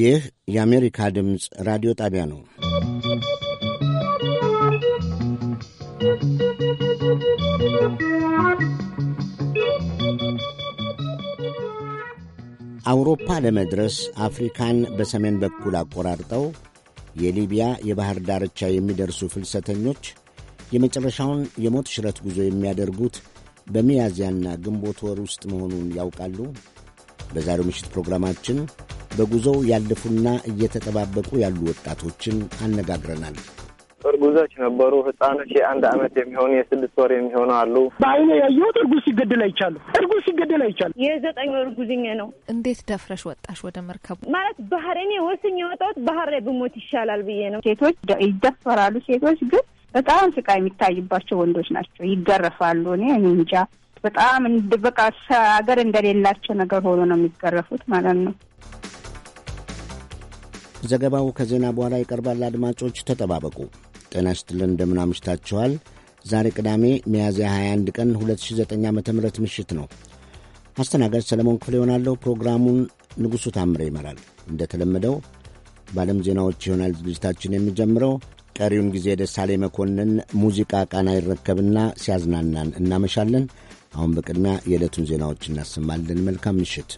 ይህ የአሜሪካ ድምፅ ራዲዮ ጣቢያ ነው። አውሮፓ ለመድረስ አፍሪካን በሰሜን በኩል አቆራርጠው የሊቢያ የባሕር ዳርቻ የሚደርሱ ፍልሰተኞች የመጨረሻውን የሞት ሽረት ጉዞ የሚያደርጉት በሚያዝያና ግንቦት ወር ውስጥ መሆኑን ያውቃሉ። በዛሬው ምሽት ፕሮግራማችን በጉዞው ያለፉና እየተጠባበቁ ያሉ ወጣቶችን አነጋግረናል። እርጉዞች ነበሩ። ህፃኖች የአንድ አመት የሚሆኑ የስድስት ወር የሚሆኑ አሉ። በአይኔ ያየሁት እርጉዝ ሲገደል አይቻሉ። እርጉዝ ሲገደል አይቻሉ። የዘጠኝ ወር እርጉዝኛ ነው። እንዴት ደፍረሽ ወጣሽ ወደ መርከቡ? ማለት ባህር እኔ ወስኜ የወጣሁት ባህር ላይ ብሞት ይሻላል ብዬ ነው። ሴቶች ይደፈራሉ። ሴቶች ግን በጣም ስቃይ የሚታይባቸው ወንዶች ናቸው። ይገረፋሉ። እኔ እንጃ በጣም በቃ ሀገር እንደሌላቸው ነገር ሆኖ ነው የሚገረፉት ማለት ነው። ዘገባው ከዜና በኋላ ይቀርባል። አድማጮች ተጠባበቁ። ጤና ይስጥልን፣ እንደምን አምሽታችኋል? ዛሬ ቅዳሜ ሚያዝያ 21 ቀን 2009 ዓ ም ምሽት ነው። አስተናጋጅ ሰለሞን ክፍሌ ይሆናለሁ። ፕሮግራሙን ንጉሡ ታምረ ይመራል። እንደተለመደው በዓለም ዜናዎች ይሆናል ዝግጅታችን የሚጀምረው ቀሪውን ጊዜ ደሳሌ መኮንን ሙዚቃ ቃና ይረከብና ሲያዝናናን እናመሻለን። አሁን በቅድሚያ የዕለቱን ዜናዎች እናሰማለን። መልካም ምሽት።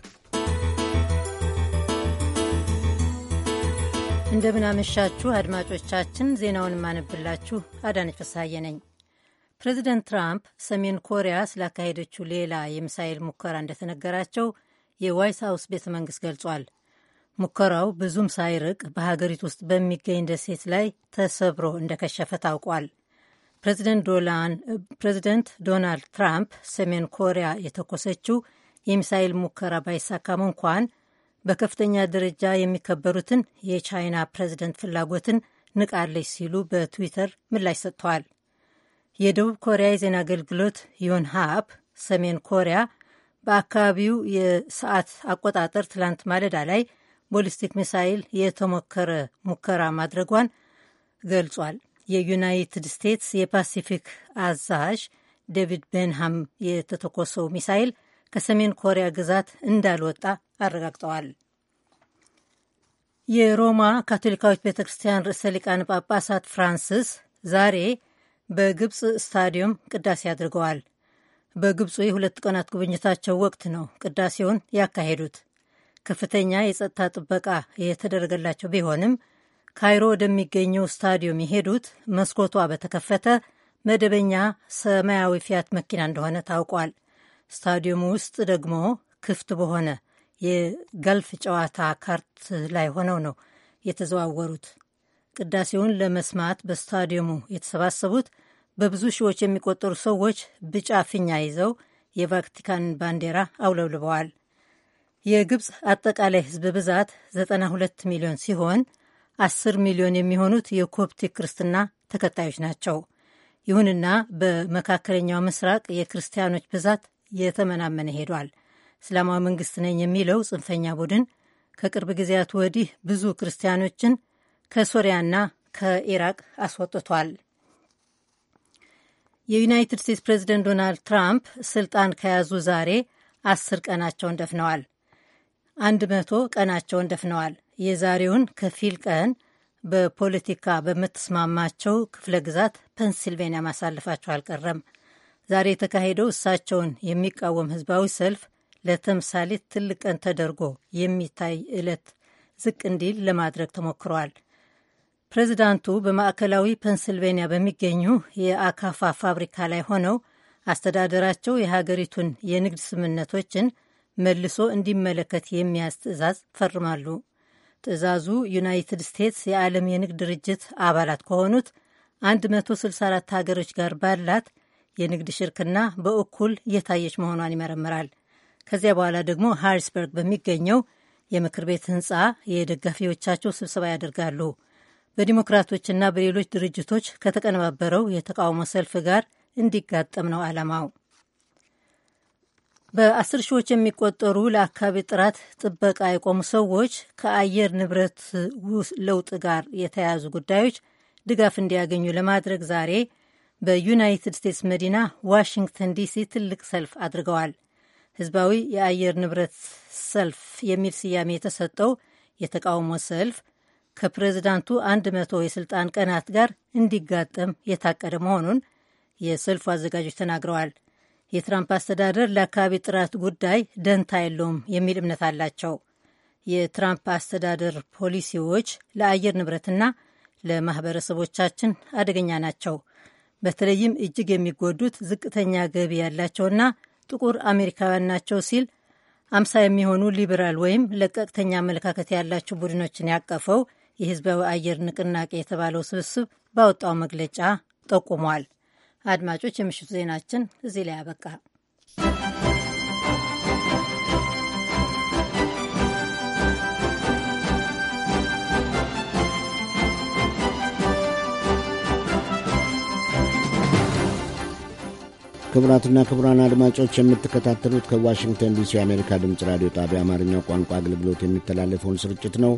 እንደምናመሻችሁ አድማጮቻችን፣ ዜናውን የማነብላችሁ አዳነች ፍስሐዬ ነኝ። ፕሬዚደንት ትራምፕ ሰሜን ኮሪያ ስላካሄደችው ሌላ የምሳኤል ሙከራ እንደተነገራቸው የዋይት ሀውስ ቤተ መንግሥት ገልጿል። ሙከራው ብዙም ሳይርቅ በሀገሪቱ ውስጥ በሚገኝ ደሴት ላይ ተሰብሮ እንደከሸፈ ታውቋል። ፕሬዚደንት ዶናልድ ትራምፕ ሰሜን ኮሪያ የተኮሰችው የሚሳይል ሙከራ ባይሳካም እንኳን በከፍተኛ ደረጃ የሚከበሩትን የቻይና ፕሬዚደንት ፍላጎትን ንቃለች ሲሉ በትዊተር ምላሽ ሰጥተዋል። የደቡብ ኮሪያ የዜና አገልግሎት ዮንሃፕ ሰሜን ኮሪያ በአካባቢው የሰዓት አቆጣጠር ትላንት ማለዳ ላይ ቦሊስቲክ ሚሳይል የተሞከረ ሙከራ ማድረጓን ገልጿል። የዩናይትድ ስቴትስ የፓሲፊክ አዛዥ ዴቪድ ቤንሃም የተተኮሰው ሚሳይል ከሰሜን ኮሪያ ግዛት እንዳልወጣ አረጋግጠዋል። የሮማ ካቶሊካዊት ቤተ ክርስቲያን ርዕሰ ሊቃነ ጳጳሳት ፍራንስስ ዛሬ በግብፅ ስታዲየም ቅዳሴ አድርገዋል። በግብፁ የሁለት ቀናት ጉብኝታቸው ወቅት ነው ቅዳሴውን ያካሄዱት። ከፍተኛ የጸጥታ ጥበቃ የተደረገላቸው ቢሆንም ካይሮ ወደሚገኘው ስታዲየም የሄዱት መስኮቷ በተከፈተ መደበኛ ሰማያዊ ፊያት መኪና እንደሆነ ታውቋል። ስታዲየሙ ውስጥ ደግሞ ክፍት በሆነ የገልፍ ጨዋታ ካርት ላይ ሆነው ነው የተዘዋወሩት። ቅዳሴውን ለመስማት በስታዲየሙ የተሰባሰቡት በብዙ ሺዎች የሚቆጠሩ ሰዎች ቢጫ ፊኛ ይዘው የቫቲካን ባንዲራ አውለብልበዋል። የግብፅ አጠቃላይ ህዝብ ብዛት 92 ሚሊዮን ሲሆን 10 ሚሊዮን የሚሆኑት የኮፕቲክ ክርስትና ተከታዮች ናቸው። ይሁንና በመካከለኛው ምስራቅ የክርስቲያኖች ብዛት የተመናመነ ሄዷል። እስላማዊ መንግስት ነኝ የሚለው ጽንፈኛ ቡድን ከቅርብ ጊዜያት ወዲህ ብዙ ክርስቲያኖችን ከሶሪያና ከኢራቅ አስወጥቷል። የዩናይትድ ስቴትስ ፕሬዚደንት ዶናልድ ትራምፕ ስልጣን ከያዙ ዛሬ አስር ቀናቸውን ደፍነዋል። አንድ መቶ ቀናቸውን ደፍነዋል። የዛሬውን ከፊል ቀን በፖለቲካ በምትስማማቸው ክፍለ ግዛት ፔንሲልቬንያ ማሳለፋቸው አልቀረም። ዛሬ የተካሄደው እሳቸውን የሚቃወም ህዝባዊ ሰልፍ ለተምሳሌ ትልቅ ቀን ተደርጎ የሚታይ ዕለት ዝቅ እንዲል ለማድረግ ተሞክሯል። ፕሬዚዳንቱ በማዕከላዊ ፔንስልቬንያ በሚገኙ የአካፋ ፋብሪካ ላይ ሆነው አስተዳደራቸው የሀገሪቱን የንግድ ስምምነቶችን መልሶ እንዲመለከት የሚያዝ ትዕዛዝ ፈርማሉ። ትዕዛዙ ዩናይትድ ስቴትስ የዓለም የንግድ ድርጅት አባላት ከሆኑት 164 ሀገሮች ጋር ባላት የንግድ ሽርክና በእኩል የታየች መሆኗን ይመረምራል። ከዚያ በኋላ ደግሞ ሃሪስበርግ በሚገኘው የምክር ቤት ህንፃ የደጋፊዎቻቸው ስብሰባ ያደርጋሉ። በዲሞክራቶችና በሌሎች ድርጅቶች ከተቀነባበረው የተቃውሞ ሰልፍ ጋር እንዲጋጠም ነው ዓላማው። በአስር ሺዎች የሚቆጠሩ ለአካባቢ ጥራት ጥበቃ የቆሙ ሰዎች ከአየር ንብረት ለውጥ ጋር የተያያዙ ጉዳዮች ድጋፍ እንዲያገኙ ለማድረግ ዛሬ በዩናይትድ ስቴትስ መዲና ዋሽንግተን ዲሲ ትልቅ ሰልፍ አድርገዋል። ህዝባዊ የአየር ንብረት ሰልፍ የሚል ስያሜ የተሰጠው የተቃውሞ ሰልፍ ከፕሬዚዳንቱ አንድ መቶ የስልጣን ቀናት ጋር እንዲጋጠም የታቀደ መሆኑን የሰልፉ አዘጋጆች ተናግረዋል። የትራምፕ አስተዳደር ለአካባቢ ጥራት ጉዳይ ደንታ የለውም የሚል እምነት አላቸው። የትራምፕ አስተዳደር ፖሊሲዎች ለአየር ንብረትና ለማህበረሰቦቻችን አደገኛ ናቸው። በተለይም እጅግ የሚጎዱት ዝቅተኛ ገቢ ያላቸውና ጥቁር አሜሪካውያን ናቸው ሲል አምሳ የሚሆኑ ሊበራል ወይም ለቀቅተኛ አመለካከት ያላቸው ቡድኖችን ያቀፈው የህዝባዊ አየር ንቅናቄ የተባለው ስብስብ ባወጣው መግለጫ ጠቁሟል። አድማጮች፣ የምሽቱ ዜናችን እዚህ ላይ አበቃ። ክቡራትና ክቡራን አድማጮች የምትከታተሉት ከዋሽንግተን ዲሲ የአሜሪካ ድምፅ ራዲዮ ጣቢያ አማርኛው ቋንቋ አገልግሎት የሚተላለፈውን ስርጭት ነው።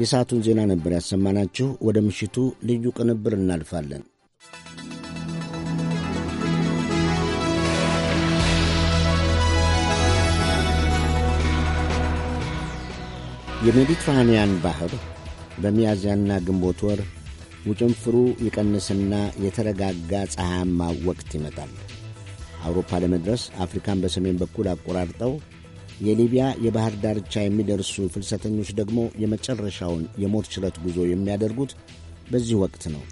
የሰዓቱን ዜና ነበር ያሰማናችሁ። ወደ ምሽቱ ልዩ ቅንብር እናልፋለን። የሜዲትራንያን ባህር በሚያዝያና ግንቦት ወር ውጭንፍሩ ይቀንስና የተረጋጋ ፀሐያማ ወቅት ይመጣል። አውሮፓ ለመድረስ አፍሪካን በሰሜን በኩል አቆራርጠው የሊቢያ የባህር ዳርቻ የሚደርሱ ፍልሰተኞች ደግሞ የመጨረሻውን የሞት ችለት ጉዞ የሚያደርጉት በዚህ ወቅት ነው።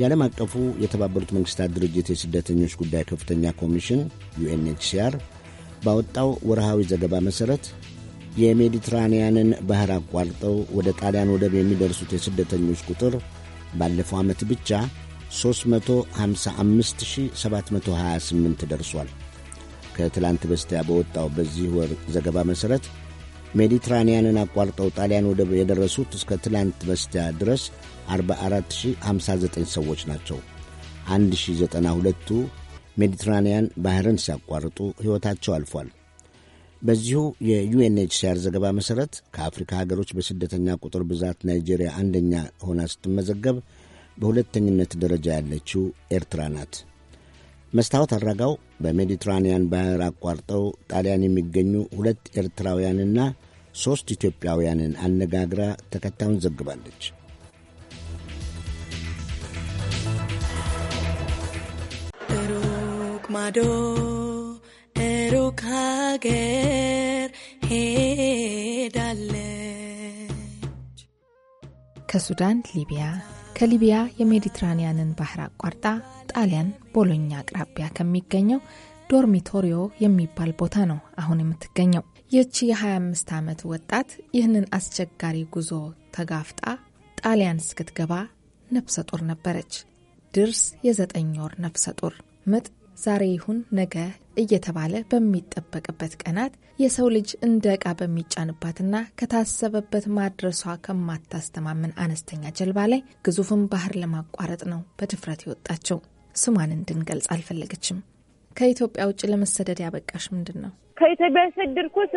የዓለም አቀፉ የተባበሩት መንግሥታት ድርጅት የስደተኞች ጉዳይ ከፍተኛ ኮሚሽን ዩኤንኤችሲአር ባወጣው ወርሃዊ ዘገባ መሠረት የሜዲትራንያንን ባህር አቋርጠው ወደ ጣሊያን ወደብ የሚደርሱት የስደተኞች ቁጥር ባለፈው ዓመት ብቻ 355728 ደርሷል። ከትላንት በስቲያ በወጣው በዚህ ወር ዘገባ መሠረት ሜዲትራንያንን አቋርጠው ጣሊያን ወደብ የደረሱት እስከ ትላንት በስቲያ ድረስ 44059 ሰዎች ናቸው። 1092ቱ ሜዲትራንያን ባህርን ሲያቋርጡ ሕይወታቸው አልፏል። በዚሁ የዩኤንኤችሲአር ዘገባ መሠረት ከአፍሪካ ሀገሮች በስደተኛ ቁጥር ብዛት ናይጄሪያ አንደኛ ሆና ስትመዘገብ በሁለተኝነት ደረጃ ያለችው ኤርትራ ናት። መስታወት አድራጋው በሜዲትራንያን ባህር አቋርጠው ጣሊያን የሚገኙ ሁለት ኤርትራውያንና ሦስት ኢትዮጵያውያንን አነጋግራ ተከታዩን ዘግባለች። ሩቅ ማዶ ከሩቅ ሀገር ሄዳለች። ከሱዳን ሊቢያ፣ ከሊቢያ የሜዲትራኒያንን ባህር አቋርጣ ጣሊያን ቦሎኛ አቅራቢያ ከሚገኘው ዶርሚቶሪዮ የሚባል ቦታ ነው አሁን የምትገኘው። ይህቺ የ25 ዓመት ወጣት ይህንን አስቸጋሪ ጉዞ ተጋፍጣ ጣሊያን እስክትገባ ነፍሰ ጡር ነበረች። ድርስ የዘጠኝ ወር ነፍሰ ጡር ምጥ ዛሬ ይሁን ነገ እየተባለ በሚጠበቅበት ቀናት የሰው ልጅ እንደ ዕቃ በሚጫንባትና ከታሰበበት ማድረሷ ከማታስተማምን አነስተኛ ጀልባ ላይ ግዙፍን ባህር ለማቋረጥ ነው በድፍረት የወጣቸው። ስሟን እንድንገልጽ አልፈለገችም። ከኢትዮጵያ ውጭ ለመሰደድ ያበቃሽ ምንድን ነው? ከኢትዮጵያ የሰደድኩት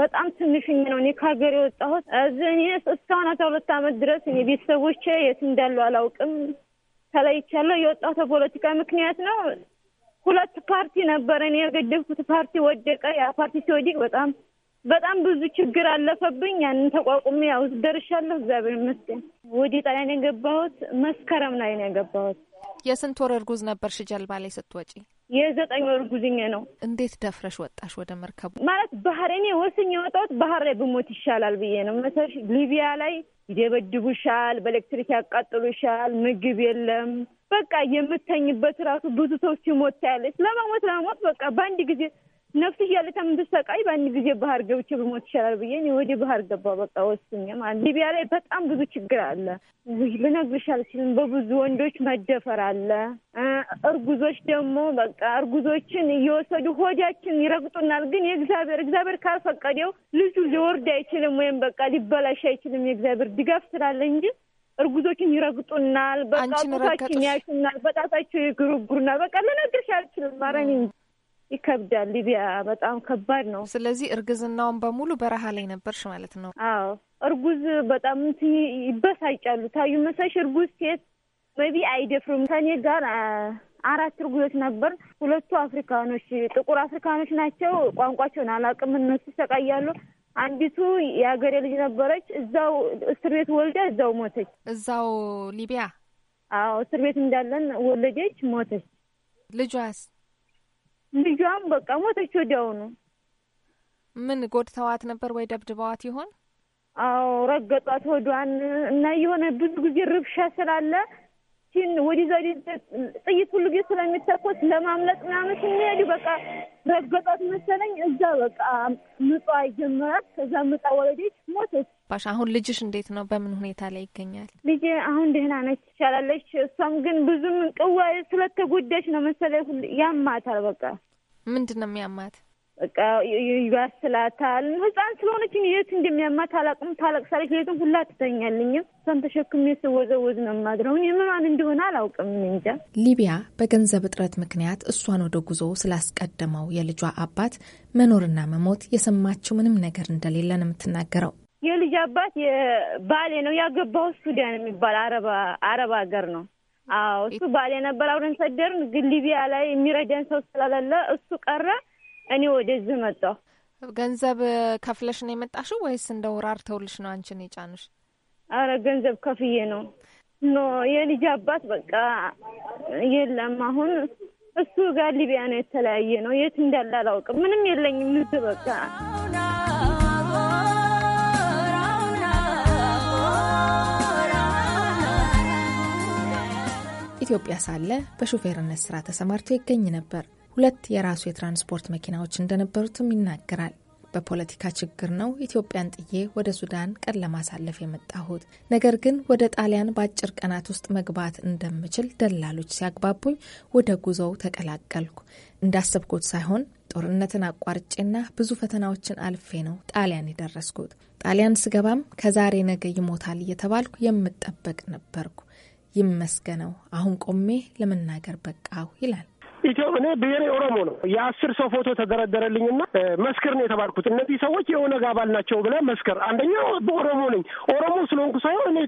በጣም ትንሽኝ ነው። እኔ ከሀገር የወጣሁት እዚህ እኔ እስካሁን አስራ ሁለት ዓመት ድረስ እኔ ቤተሰቦቼ የት እንዳሉ አላውቅም። ተለይቻለሁ። የወጣሁት በፖለቲካ ምክንያት ነው። ሁለት ፓርቲ ነበረ። እኔ የገደልኩት ፓርቲ ወደቀ። ያ ፓርቲ ሲወድቅ በጣም በጣም ብዙ ችግር አለፈብኝ። ያንን ተቋቁሚ ያው ደርሻለሁ፣ እግዚአብሔር ይመስገን። ወደ ጣሊያን የገባሁት መስከረም ላይ ነው የገባሁት። የስንት ወር እርጉዝ ነበርሽ ጀልባ ላይ ስትወጪ? የዘጠኝ ወር እርጉዝኛ ነው። እንዴት ደፍረሽ ወጣሽ ወደ መርከቡ? ማለት ባህር እኔ ወስኜ የወጣሁት ባህር ላይ ብሞት ይሻላል ብዬ ነው መሰለሽ ሊቢያ ላይ ይደበድቡሻል፣ በኤሌክትሪክ ያቃጥሉሻል፣ ምግብ የለም። በቃ የምተኝበት ራሱ ብዙ ሰው ሲሞት ያለች ለመሞት ለመሞት በቃ በአንድ ጊዜ ነፍስ እያለ ተምብሰቃይ በአንድ ጊዜ ባህር ገብቼ በሞት ይሻላል ብዬ ወደ ባህር ገባ። በቃ ወስኜ ማለት ሊቢያ ላይ በጣም ብዙ ችግር አለ። ልነግርሽ አልችልም። በብዙ ወንዶች መደፈር አለ። እርጉዞች ደግሞ በቃ እርጉዞችን እየወሰዱ ሆዳችን ይረግጡናል። ግን የእግዚአብሔር እግዚአብሔር ካልፈቀደው ልጁ ሊወርድ አይችልም፣ ወይም በቃ ሊበላሽ አይችልም። የእግዚአብሔር ድጋፍ ስላለ እንጂ እርጉዞችን ይረግጡናል። በቃ ቁታችን ያሹናል። በጣታቸው ይግሩግሩናል። በቃ ልነግርሽ አልችልም። ማረኝ እንጂ ይከብዳል። ሊቢያ በጣም ከባድ ነው። ስለዚህ እርግዝናውን በሙሉ በረሃ ላይ ነበርሽ ማለት ነው? አዎ እርጉዝ በጣም እንትን ይበሳጫሉ። ታዩ መሳሽ እርጉዝ ሴት ቢ አይደፍርም። ከኔ ጋር አራት እርጉዞች ነበር። ሁለቱ አፍሪካኖች ጥቁር አፍሪካኖች ናቸው። ቋንቋቸውን አላውቅም። እነሱ ይሰቃያሉ። አንዲቱ የሀገሬ ልጅ ነበረች። እዛው እስር ቤት ወልዳ እዛው ሞተች። እዛው ሊቢያ? አዎ እስር ቤት እንዳለን ወለደች፣ ሞተች። ልጇስ ልጇም በቃ ሞተች ወዲያውኑ። ምን ጎድተዋት ነበር ወይ ደብድበዋት ይሆን? አዎ ረገጧት ወዷን እና የሆነ ብዙ ጊዜ ርብሻ ስላለ ሲን ወዲዛ ጥይት ሁሉ ጊዜ ስለሚተኮስ ለማምለጥ ምናምን ስንሄዱ በቃ ረገጧት መሰለኝ። እዛ በቃ ምጧ ጀመራት። ከዛ ምጣ ወለዴች ሞተች። ገባሽ? አሁን ልጅሽ እንዴት ነው? በምን ሁኔታ ላይ ይገኛል? ልጅ አሁን ደህና ነች፣ ትቻላለች። እሷም ግን ብዙም ቅዋ ስለተጎዳች ነው መሰለኝ ሁሉ ያማታል። በቃ ምንድን ነው የሚያማት? በቃ ያስላታል። ህፃን ስለሆነች የት እንደሚያማት አላቅም። ታለቅሳለች፣ ሌቱን ሁላ ትተኛልኝም። እሷን ተሸክሜ ስወዘወዝ ነው የማድረው። ምኗን እንደሆነ አላውቅም፣ እንጃ። ሊቢያ በገንዘብ እጥረት ምክንያት እሷን ወደ ጉዞ ስላስቀደመው የልጇ አባት መኖርና መሞት የሰማችው ምንም ነገር እንደሌለ ነው የምትናገረው። የልጅ አባት ባሌ ነው ያገባው ሱዳን የሚባል አረብ ሀገር ነው። አዎ እሱ ባሌ ነበር። አብረን ሰደርን፣ ግን ሊቢያ ላይ የሚረዳን ሰው ስለሌለ እሱ ቀረ። እኔ ወደዚህ መጣሁ። ገንዘብ ከፍለሽ ነው የመጣሽው ወይስ እንደ ውራር ተውልሽ ነው አንቺን የጫንሽ? አረ ገንዘብ ከፍዬ ነው። ኖ የልጅ አባት በቃ የለም። አሁን እሱ ጋር ሊቢያ ነው የተለያየ ነው። የት እንዳለ አላውቅም። ምንም የለኝም። ምት በቃ በኢትዮጵያ ሳለ በሹፌርነት ስራ ተሰማርቶ ይገኝ ነበር። ሁለት የራሱ የትራንስፖርት መኪናዎች እንደነበሩትም ይናገራል። በፖለቲካ ችግር ነው ኢትዮጵያን ጥዬ ወደ ሱዳን ቀን ለማሳለፍ የመጣሁት። ነገር ግን ወደ ጣሊያን በአጭር ቀናት ውስጥ መግባት እንደምችል ደላሎች ሲያግባቡኝ ወደ ጉዞው ተቀላቀልኩ። እንዳሰብኩት ሳይሆን ጦርነትን አቋርጬና ብዙ ፈተናዎችን አልፌ ነው ጣሊያን የደረስኩት። ጣሊያን ስገባም ከዛሬ ነገ ይሞታል እየተባልኩ የምጠበቅ ነበርኩ። ይመስገነው አሁን ቆሜ ለመናገር በቃው ይላል። ኢትዮ እኔ ብሔሬ ኦሮሞ ነው። የአስር ሰው ፎቶ ተደረደረልኝና መስክር ነው የተባልኩት። እነዚህ ሰዎች የኦነግ አባል ናቸው ብለህ መስክር። አንደኛው በኦሮሞ ነኝ። ኦሮሞ ስለሆንኩ ሳይሆን እኔ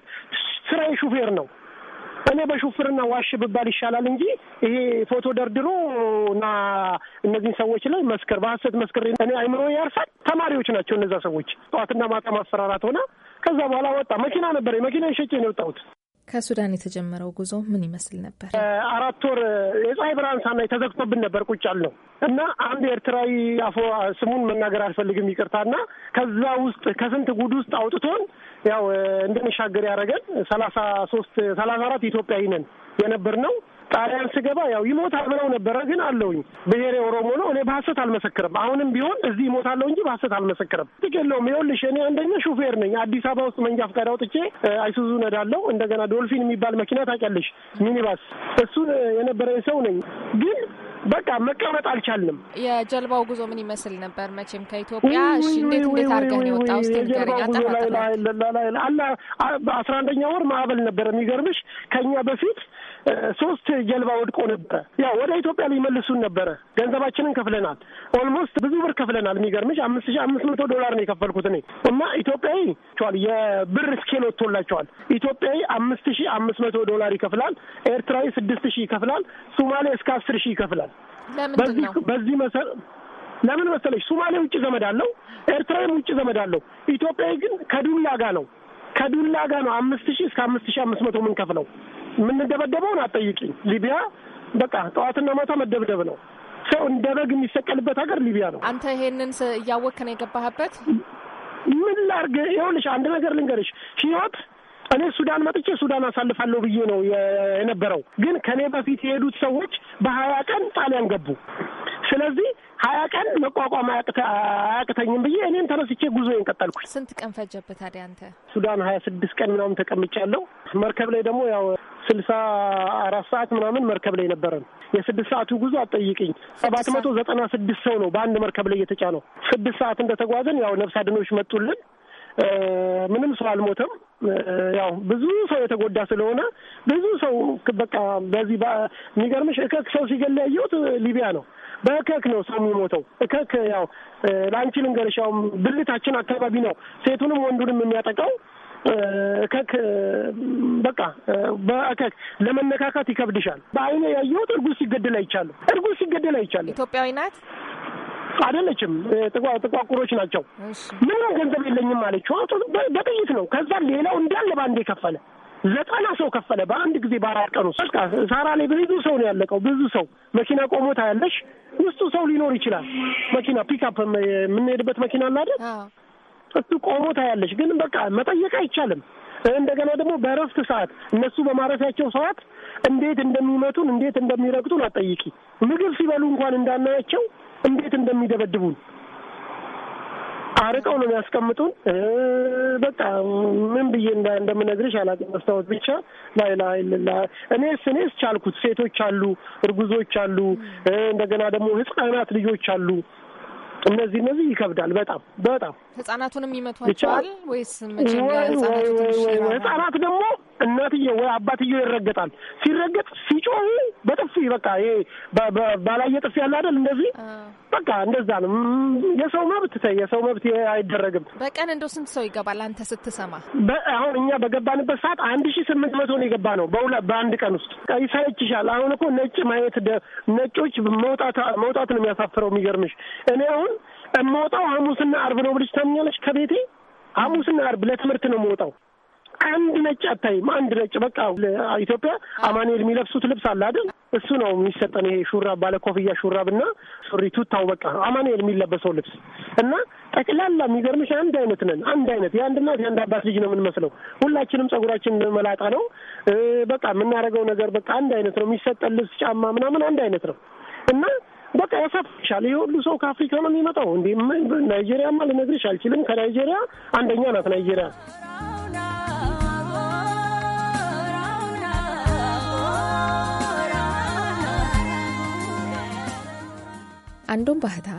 ስራዬ ሹፌር ነው። እኔ በሹፍርና ዋሽ ብባል ይሻላል እንጂ ይሄ ፎቶ ደርድሮ እና እነዚህን ሰዎች ላይ መስክር፣ በሀሰት መስክር እኔ አይምሮ ያርሳል። ተማሪዎች ናቸው እነዛ ሰዎች። ጠዋትና ማታ ማስፈራራት ሆነ። ከዛ በኋላ ወጣ መኪና ነበር መኪና ሸጬ ነው የወጣሁት። ከሱዳን የተጀመረው ጉዞ ምን ይመስል ነበር? አራት ወር የፀሐይ ብርሃን ሳናይ ተዘግቶብን ነበር። ቁጭ አለው እና አንድ ኤርትራዊ አፎ ስሙን መናገር አልፈልግም ይቅርታና ከዛ ውስጥ ከስንት ጉድ ውስጥ አውጥቶን ያው እንድንሻገር ያደረገን ሰላሳ ሶስት ሰላሳ አራት ኢትዮጵያዊ ነን የነበር ነው ጣሊያን ስገባ ያው ይሞታል ብለው ነበረ፣ ግን አለውኝ ብሔሬ ኦሮሞ ነው። እኔ በሀሰት አልመሰክርም። አሁንም ቢሆን እዚህ ይሞታለሁ እንጂ በሀሰት አልመሰክርም። ትክ የለውም። ይኸውልሽ እኔ አንደኛ ሹፌር ነኝ። አዲስ አበባ ውስጥ መንጃ ፈቃድ አውጥቼ አይሱዙ ነዳለው። እንደገና ዶልፊን የሚባል መኪና ታውቂያለሽ? ሚኒባስ፣ እሱን የነበረኝ ሰው ነኝ ግን በቃ መቀመጥ አልቻልንም። የጀልባው ጉዞ ምን ይመስል ነበር? መቼም ከኢትዮጵያ እንዴት እንዴት አርገን የወጣ ውስጥ አስራ አንደኛ ወር ማዕበል ነበረ። የሚገርምሽ ከእኛ በፊት ሶስት ጀልባ ወድቆ ነበረ። ያው ወደ ኢትዮጵያ ሊመልሱን ነበረ። ገንዘባችንን ከፍለናል። ኦልሞስት ብዙ ብር ከፍለናል። የሚገርምሽ አምስት ሺ አምስት መቶ ዶላር ነው የከፈልኩት እኔ እና ኢትዮጵያዊ ቸዋል የብር ስኬል ወጥቶላቸዋል። ኢትዮጵያዊ አምስት ሺ አምስት መቶ ዶላር ይከፍላል። ኤርትራዊ ስድስት ሺ ይከፍላል። ሱማሌ እስከ አስር ሺህ ይከፍላል። በዚህ በዚህ መሰል ለምን መሰለሽ ሱማሌ ውጭ ዘመድ አለው፣ ኤርትራዊም ውጭ ዘመድ አለው። ኢትዮጵያዊ ግን ከዱላ ጋ ነው ከዱላ ጋ ነው አምስት ሺህ እስከ አምስት ሺህ አምስት መቶ ምን ከፍለው የምንደበደበውን አትጠይቂኝ። ሊቢያ በቃ ጠዋትና ማታ መደብደብ ነው። ሰው እንደ በግ የሚሰቀልበት ሀገር ሊቢያ ነው። አንተ ይሄንን እያወቅህ ነው የገባህበት? ምን ላርግ? ይኸውልሽ አንድ ነገር ልንገርሽ ህይወት እኔ ሱዳን መጥቼ ሱዳን አሳልፋለሁ ብዬ ነው የነበረው። ግን ከእኔ በፊት የሄዱት ሰዎች በሀያ ቀን ጣሊያን ገቡ። ስለዚህ ሀያ ቀን መቋቋም አያቅተኝም ብዬ እኔም ተነስቼ ጉዞ ቀጠልኩኝ። ስንት ቀን ፈጀብህ ታዲያ አንተ? ሱዳን ሀያ ስድስት ቀን ምናምን ተቀምጫለሁ። መርከብ ላይ ደግሞ ያው ስልሳ አራት ሰዓት ምናምን መርከብ ላይ ነበረን። የስድስት ሰዓቱ ጉዞ አጠይቅኝ ሰባት መቶ ዘጠና ስድስት ሰው ነው በአንድ መርከብ ላይ የተጫነው። ስድስት ሰዓት እንደተጓዘን ያው ነፍስ አድኖች መጡልን። ምንም ሰው አልሞተም። ያው ብዙ ሰው የተጎዳ ስለሆነ ብዙ ሰው በቃ በዚህ የሚገርምሽ እከክ ሰው ሲገል ያየሁት ሊቢያ ነው። በእከክ ነው ሰው የሚሞተው። እከክ ያው ለአንቺ ልንገርሽ፣ ያው ብልታችን አካባቢ ነው ሴቱንም ወንዱንም የሚያጠቃው እከክ በቃ በእከክ ለመነካካት ይከብድሻል። በአይነ ያየሁት እርጉዝ ሲገደል አይቻለሁ። እርጉዝ ሲገደል አይቻለሁ። ኢትዮጵያዊ ናት አይደለችም። ጥቋቁሮች ናቸው። ምንም ገንዘብ የለኝም አለችው። በጥይት ነው። ከዛ ሌላው እንዳለ በአንዴ ከፈለ። ዘጠና ሰው ከፈለ በአንድ ጊዜ በአራት ቀን ውስጥ። በቃ ሳራ ላይ ብዙ ሰው ነው ያለቀው። ብዙ ሰው መኪና ቆሞ ታያለሽ። ውስጡ ሰው ሊኖር ይችላል። መኪና ፒክአፕ የምንሄድበት መኪና አለ አይደል? እሱ ቆሞ ታያለች። ግን በቃ መጠየቅ አይቻልም። እንደገና ደግሞ በእረፍት ሰዓት እነሱ በማረፊያቸው ሰዓት እንዴት እንደሚመቱን እንዴት እንደሚረግጡን አጠይቂ። ምግብ ሲበሉ እንኳን እንዳናያቸው እንዴት እንደሚደበድቡን አርቀው ነው የሚያስቀምጡን። በቃ ምን ብዬ እንደምነግርሽ አላውቅም። መስታወት ብቻ ላይላ ይልላ እኔስ እኔስ ቻልኩት። ሴቶች አሉ፣ እርጉዞች አሉ፣ እንደገና ደግሞ ህጻናት ልጆች አሉ። እነዚህ እነዚህ ይከብዳል በጣም በጣም ህጻናቱንም ይመቷቸዋል ወይስ ህጻናት ደግሞ እናትየው ወይ አባትየው ይረገጣል። ሲረገጥ ሲጮህ በጥፊ በቃ ይሄ ባላየ ጥፊ ያለ አይደል? እንደዚህ በቃ እንደዛ ነው። የሰው መብት ተይ፣ የሰው መብት አይደረግም። በቀን እንደው ስንት ሰው ይገባል? አንተ ስትሰማ አሁን እኛ በገባንበት ሰዓት አንድ ሺ ስምንት መቶ ነው የገባ ነው በአንድ ቀን ውስጥ ይሳይችሻል። አሁን እኮ ነጭ ማየት ነጮች መውጣት መውጣት ነው የሚያሳፍረው። የሚገርምሽ እኔ አሁን የምወጣው ሐሙስና አርብ ነው ብልሽ ታምኛለሽ ከቤቴ ሐሙስና አርብ ለትምህርት ነው የምወጣው። አንድ ነጭ አታይም። አንድ ነጭ በቃ ኢትዮጵያ አማኑኤል የሚለብሱት ልብስ አለ አይደል? እሱ ነው የሚሰጠን። ይሄ ሹራብ፣ ባለ ኮፍያ ሹራብ ሱሪ ቱታው በቃ አማኑኤል የሚለበሰው ልብስ እና ጠቅላላ የሚገርምሽ አንድ አይነት ነን። አንድ አይነት የአንድ እናት የአንድ አባት ልጅ ነው የምንመስለው። ሁላችንም ጸጉራችን መላጣ ነው። በቃ የምናደርገው ነገር በቃ አንድ አይነት ነው። የሚሰጠን ልብስ፣ ጫማ ምናምን አንድ አይነት ነው እና በቃ ያሳፍሻል። ይሄ ሁሉ ሰው ከአፍሪካ ነው የሚመጣው እንዴ? ናይጄሪያማ ልነግርሽ አልችልም። ከናይጄሪያ አንደኛ ናት ናይጄሪያ ባህታ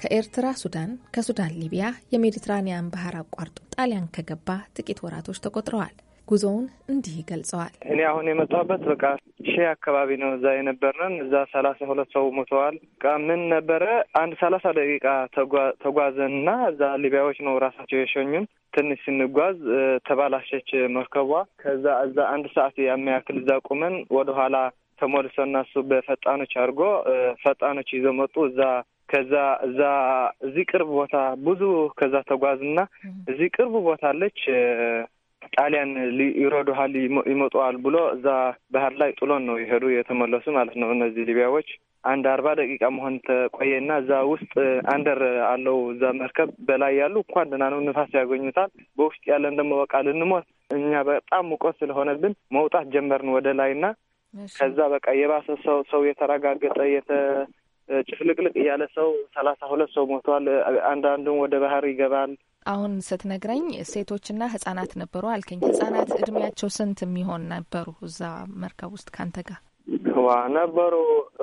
ከኤርትራ ሱዳን፣ ከሱዳን ሊቢያ፣ የሜዲትራኒያን ባህር አቋርጦ ጣሊያን ከገባ ጥቂት ወራቶች ተቆጥረዋል። ጉዞውን እንዲህ ይገልጸዋል። እኔ አሁን የመጣሁበት በቃ ሺህ አካባቢ ነው። እዛ የነበርነን እዛ ሰላሳ ሁለት ሰው ሞተዋል። በቃ ምን ነበረ አንድ ሰላሳ ደቂቃ ተጓዘን እና እዛ ሊቢያዎች ነው ራሳቸው የሸኙን። ትንሽ ስንጓዝ ተባላሸች መርከቧ። ከዛ እዛ አንድ ሰዓት የሚያክል እዛ ቁመን ወደኋላ ተሞልሶ እናሱ በፈጣኖች አድርጎ ፈጣኖች ይዘው መጡ። እዛ ከዛ እዛ እዚህ ቅርብ ቦታ ብዙ ከዛ ተጓዝና እዚህ ቅርብ ቦታ አለች ጣሊያን ይረዱሃል ይመጡዋል ብሎ እዛ ባህር ላይ ጥሎን ነው የሄዱ የተመለሱ ማለት ነው። እነዚህ ሊቢያዎች አንድ አርባ ደቂቃ መሆን ተቆየና እዛ ውስጥ አንደር አለው እዛ መርከብ በላይ ያሉ እንኳን ደህና ነው፣ ንፋስ ያገኙታል። በውስጥ ያለን ደግሞ በቃ ልንሞት እኛ በጣም ሙቀት ስለሆነብን መውጣት ጀመርን ወደ ላይና ከዛ በቃ የባሰ ሰው ሰው የተረጋገጠ ጭፍልቅልቅ እያለ ሰው ሰላሳ ሁለት ሰው ሞቷል። አንዳንዱም ወደ ባህር ይገባል። አሁን ስትነግረኝ ሴቶችና ህጻናት ነበሩ አልከኝ። ህጻናት እድሜያቸው ስንት የሚሆን ነበሩ እዛ መርከብ ውስጥ ከአንተ ጋር? ዋ ነበሩ፣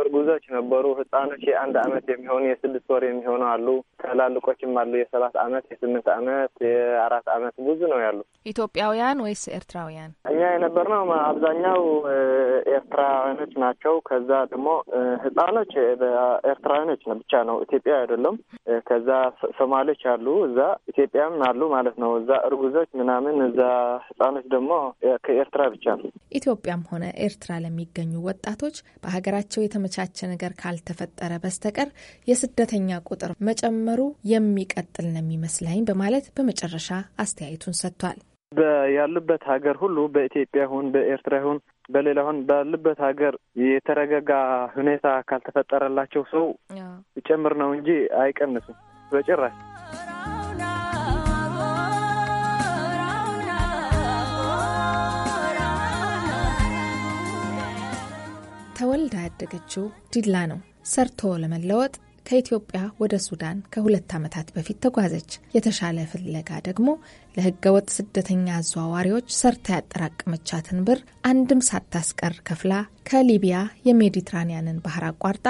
እርጉዞች ነበሩ፣ ህጻኖች የአንድ አመት የሚሆኑ የስድስት ወር የሚሆኑ አሉ፣ ትላልቆችም አሉ፣ የሰባት አመት የስምንት አመት የአራት አመት ብዙ ነው ያሉ። ኢትዮጵያውያን ወይስ ኤርትራውያን? እኛ የነበርነው አብዛኛው ኤርትራውያኖች ናቸው። ከዛ ደግሞ ህጻኖች ነው ብቻ ነው፣ ኢትዮጵያ አይደለም። ከዛ ሶማሌዎች አሉ እዛ፣ ኢትዮጵያም አሉ ማለት ነው እዛ፣ እርጉዞች ምናምን እዛ፣ ህጻኖች ደግሞ ከኤርትራ ብቻ ነው። ኢትዮጵያም ሆነ ኤርትራ ለሚገኙ ወጣት ወጣቶች በሀገራቸው የተመቻቸ ነገር ካልተፈጠረ በስተቀር የስደተኛ ቁጥር መጨመሩ የሚቀጥል ነው የሚመስለኝ በማለት በመጨረሻ አስተያየቱን ሰጥቷል። ያሉበት ሀገር ሁሉ በኢትዮጵያ ይሁን በኤርትራ ይሁን በሌላ ሁን ባሉበት ሀገር የተረጋጋ ሁኔታ ካልተፈጠረላቸው ሰው ይጨምር ነው እንጂ አይቀንስም በጭራሽ። ተወልዳ ያደገችው ዲላ ነው። ሰርቶ ለመለወጥ ከኢትዮጵያ ወደ ሱዳን ከሁለት ዓመታት በፊት ተጓዘች። የተሻለ ፍለጋ ደግሞ ለህገወጥ ስደተኛ አዘዋዋሪዎች ሰርታ ያጠራቀመቻትን ብር አንድም ሳታስቀር ከፍላ ከሊቢያ የሜዲትራኒያንን ባህር አቋርጣ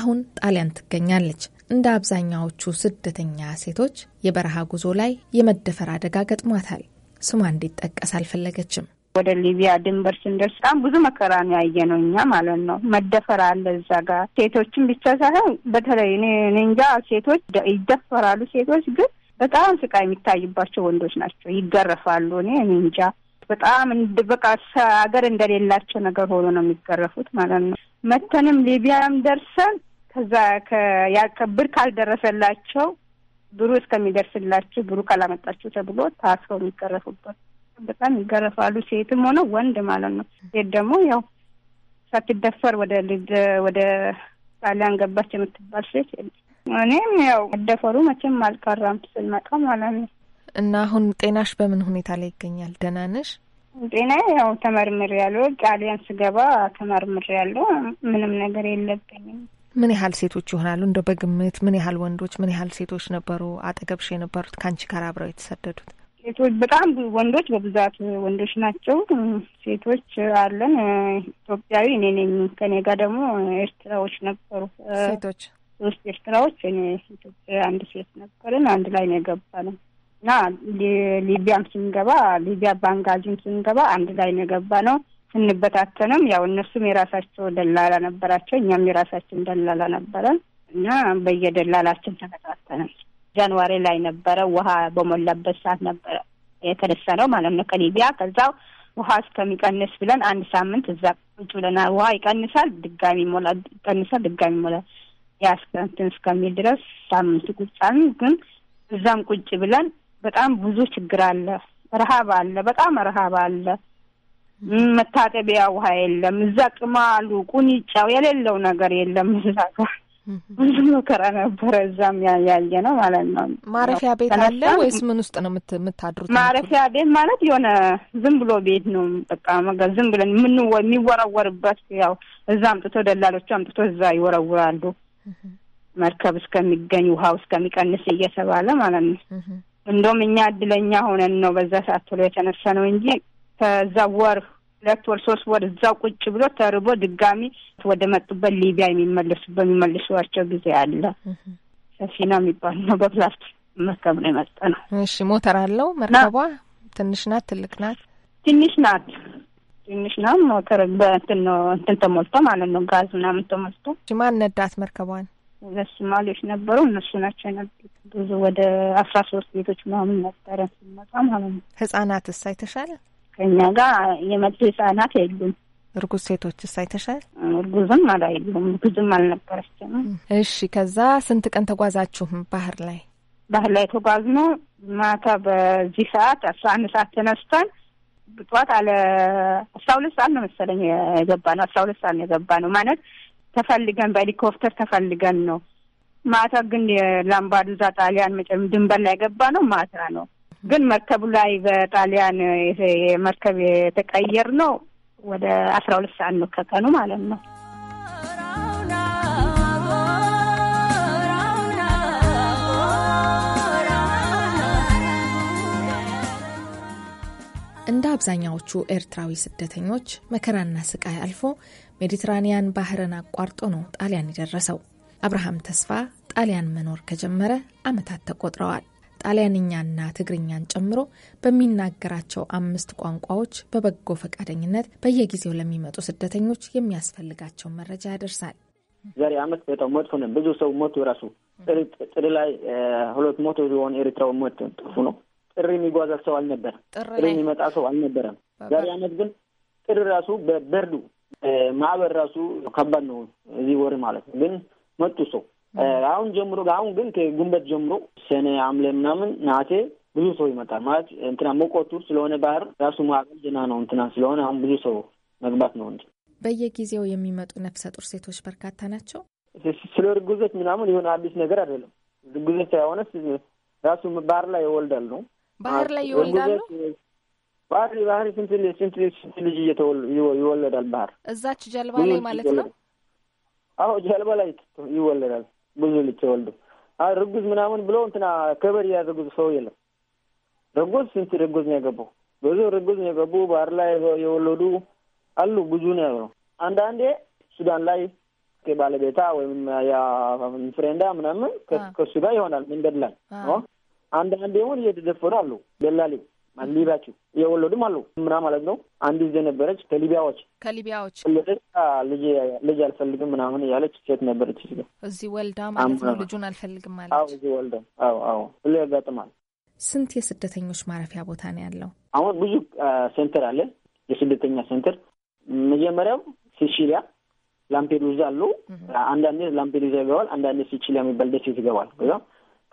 አሁን ጣሊያን ትገኛለች። እንደ አብዛኛዎቹ ስደተኛ ሴቶች የበረሃ ጉዞ ላይ የመደፈር አደጋ ገጥሟታል። ስሟ እንዲጠቀስ አልፈለገችም። ወደ ሊቢያ ድንበር ስንደርስ በጣም ብዙ መከራ ነው ያየነው እኛ ማለት ነው። መደፈር አለ እዛ ጋር ሴቶችን ብቻ ሳይሆን በተለይ እኔ እንጃ ሴቶች ይደፈራሉ። ሴቶች ግን በጣም ስቃይ የሚታይባቸው ወንዶች ናቸው። ይገረፋሉ። እኔ እንጃ በጣም በቃ ሀገር እንደሌላቸው ነገር ሆኖ ነው የሚገረፉት ማለት ነው። መተንም ሊቢያም ደርሰን ከዛ ብር ካልደረሰላቸው ብሩ እስከሚደርስላችሁ ብሩ ካላመጣችሁ ተብሎ ታስረው የሚገረፉበት በጣም ይገረፋሉ። ሴትም ሆነ ወንድ ማለት ነው። ሴት ደግሞ ያው ሳትደፈር ወደ ልድ ወደ ጣሊያን ገባች የምትባል ሴት እኔም ያው መደፈሩ መቼም አልቀራም ስንመጣ ማለት ነው። እና አሁን ጤናሽ በምን ሁኔታ ላይ ይገኛል? ደህና ነሽ? ጤና ያው ተመርምር ያለው ጣሊያን ስገባ ተመርምር ያለው ምንም ነገር የለብኝም። ምን ያህል ሴቶች ይሆናሉ እንደው በግምት ምን ያህል ወንዶች፣ ምን ያህል ሴቶች ነበሩ አጠገብሽ የነበሩት ከአንቺ ጋር አብረው የተሰደዱት? ሴቶች በጣም ወንዶች በብዛት ወንዶች ናቸው። ሴቶች አለን ኢትዮጵያዊ እኔ ነኝ። ከኔ ጋር ደግሞ ኤርትራዎች ነበሩ። ሴቶች ሶስት ኤርትራዎች፣ እኔ ኢትዮጵያ አንድ ሴት ነበርን። አንድ ላይ ነው ነው እና ሊቢያም ስንገባ ሊቢያ ባንጋዚም ስንገባ አንድ ላይ ነው ነው። ስንበታተንም ያው እነሱም የራሳቸው ደላላ ነበራቸው፣ እኛም የራሳችን ደላላ ነበረን እና በየደላላችን ተበታተንን። ጃንዋሪ ላይ ነበረ። ውሃ በሞላበት ሰዓት ነበረ የተነሳ ነው ማለት ነው ከሊቢያ ከዛው ውሃ እስከሚቀንስ ብለን አንድ ሳምንት እዛ ቁጭ ብለናል። ውሃ ይቀንሳል፣ ድጋሚ ሞላ፣ ይቀንሳል፣ ድጋሚ ይሞላል። ያስከንትን እስከሚል ድረስ ሳምንት ቁጭ አልን። ግን እዛም ቁጭ ብለን በጣም ብዙ ችግር አለ፣ ረሀብ አለ፣ በጣም ረሀብ አለ። መታጠቢያ ውሃ የለም። እዛ ቅማሉ ቁንጫው የሌለው ነገር የለም እዛ ጋር ብዙ መከራ ነበረ። እዛም ያየ ነው ማለት ነው። ማረፊያ ቤት አለ ወይስ ምን ውስጥ ነው የምታድሩት? ማረፊያ ቤት ማለት የሆነ ዝም ብሎ ቤት ነው። በቃ ዝም ብለን የሚወረወርበት ያው እዛ አምጥቶ ደላሎቹ አምጥቶ እዛ ይወረውራሉ። መርከብ እስከሚገኝ ውሃው እስከሚቀንስ እየተባለ ማለት ነው። እንደውም እኛ እድለኛ ሆነን ነው በዛ ሰዓት ቶሎ የተነሳ ነው እንጂ ከዛ ወር ሁለት ወር ሶስት ወር እዛው ቁጭ ብሎ ተርቦ ድጋሚ ወደ መጡበት ሊቢያ የሚመለሱ በሚመልሷቸው ጊዜ አለ። ሰፊና የሚባል ነው። በፕላስቲክ መርከብ ነው የመጣ ነው። እሺ፣ ሞተር አለው መርከቧ። ትንሽ ናት ትልቅ ናት? ትንሽ ናት ትንሽ ነው። ሞተር በእንትን ነው እንትን ተሞልቶ ማለት ነው ጋዝ ምናምን ተሞልቶ። ማን ነዳት መርከቧን? ሁለት ሶማሌዎች ነበሩ። እነሱ ናቸው የነዱት። ብዙ ወደ አስራ ሶስት ቤቶች ምናምን ነበረ ስንመጣ ማለት ነው። ህጻናትስ አይተሻል? ከእኛ ጋር የመጡ ህጻናት የሉም። እርጉዝ ሴቶችስ አይተሻል? እርጉዝም አላየሁም። እርጉዝም አልነበረችም። እሺ። ከዛ ስንት ቀን ተጓዛችሁ ባህር ላይ? ባህር ላይ ተጓዝነው ማታ በዚህ ሰዓት አስራ አንድ ሰዓት ተነስተን ብጥዋት አለ አስራ ሁለት ሰዓት ነው መሰለኝ የገባ ነው። አስራ ሁለት ሰዓት ነው የገባ ነው ማለት ተፈልገን በሄሊኮፕተር ተፈልገን ነው። ማታ ግን የላምባዱዛ ጣሊያን መጨም ድንበር ላይ የገባ ነው ማታ ነው። ግን መርከቡ ላይ በጣሊያን መርከብ የተቀየር ነው ወደ አስራ ሁለት ሰዓት ነው ከቀኑ ማለት ነው። እንደ አብዛኛዎቹ ኤርትራዊ ስደተኞች መከራና ስቃይ አልፎ ሜዲትራኒያን ባህርን አቋርጦ ነው ጣሊያን የደረሰው። አብርሃም ተስፋ ጣሊያን መኖር ከጀመረ ዓመታት ተቆጥረዋል። ጣሊያንኛና ትግርኛን ጨምሮ በሚናገራቸው አምስት ቋንቋዎች በበጎ ፈቃደኝነት በየጊዜው ለሚመጡ ስደተኞች የሚያስፈልጋቸውን መረጃ ያደርሳል። ዛሬ አመት በጣም መጥፎ ነው። ብዙ ሰው ሞቱ። ራሱ ጥሪ ላይ ሁለት ሞቶ ሲሆን ኤርትራው ሞት ጥፉ ነው። ጥሪ የሚጓዛ ሰው አልነበረም። ጥሪ የሚመጣ ሰው አልነበረም። ዛሬ አመት ግን ጥሪ ራሱ በበርዱ ማዕበር ራሱ ከባድ ነው። እዚህ ወር ማለት ነው ግን መጡ ሰው አሁን ጀምሮ አሁን ግን ከግንቦት ጀምሮ ሰኔ ሐምሌ ምናምን ናቴ ብዙ ሰው ይመጣል ማለት እንትና ሞቆቱ ስለሆነ ባህር ራሱ ማዕቀል ዝና ነው እንትና ስለሆነ አሁን ብዙ ሰው መግባት ነው እንጂ በየጊዜው የሚመጡ ነፍሰ ጡር ሴቶች በርካታ ናቸው። ስለ እርጉዞች ምናምን የሆነ አዲስ ነገር አይደለም። እርጉዞች ሳይሆነ ራሱ ባህር ላይ ይወልዳል ነው ባህር ላይ ይወልዳሉ። ባህር ባህር ስንት ስንት ስንት ልጅ ይወለዳል ባህር እዛች ጀልባ ላይ ማለት ነው። አዎ ጀልባ ላይ ይወለዳል። ብዙ ልጅ ወልዱ ርጉዝ ምናምን ብሎ እንትና ከበር ያደረጉ ሰው የለም። ርጉዝ ስንት ርጉዝ ነው የገቡ ብዙ ርጉዝ ነው የገቡ ባህር ላይ የወለዱ አሉ ብዙ ነው ያሉ። አንዳንዴ ሱዳን ላይ ባለቤታ ወይም ፍሬንዳ ምናምን ከሱ ጋር ይሆናል መንገድ ላይ አንዳንዴ አንዳንዴውን እየተደፈሩ አሉ ደላሊ ሊቢያችሁ የወለዱም አሉ ምና ማለት ነው። አንድ ጊዜ ነበረች ከሊቢያዎች ከሊቢያዎች ልጅ አልፈልግም ምናምን እያለች ሴት ነበረች እዚህ ወልዳ ማለት ነው። ልጁን አልፈልግም ማለት አዎ እዚህ ወልዳ አዎ አዎ ሁሉ ያጋጥማል። ስንት የስደተኞች ማረፊያ ቦታ ነው ያለው? አሁን ብዙ ሴንተር አለ። የስደተኛ ሴንተር መጀመሪያው ሲሲሊያ ላምፔዱዛ አሉ። አንዳንዴ ላምፔዱዛ ይገባል፣ አንዳንዴ ሲቺሊያ የሚባል ደሴት ይገባል። ከዛ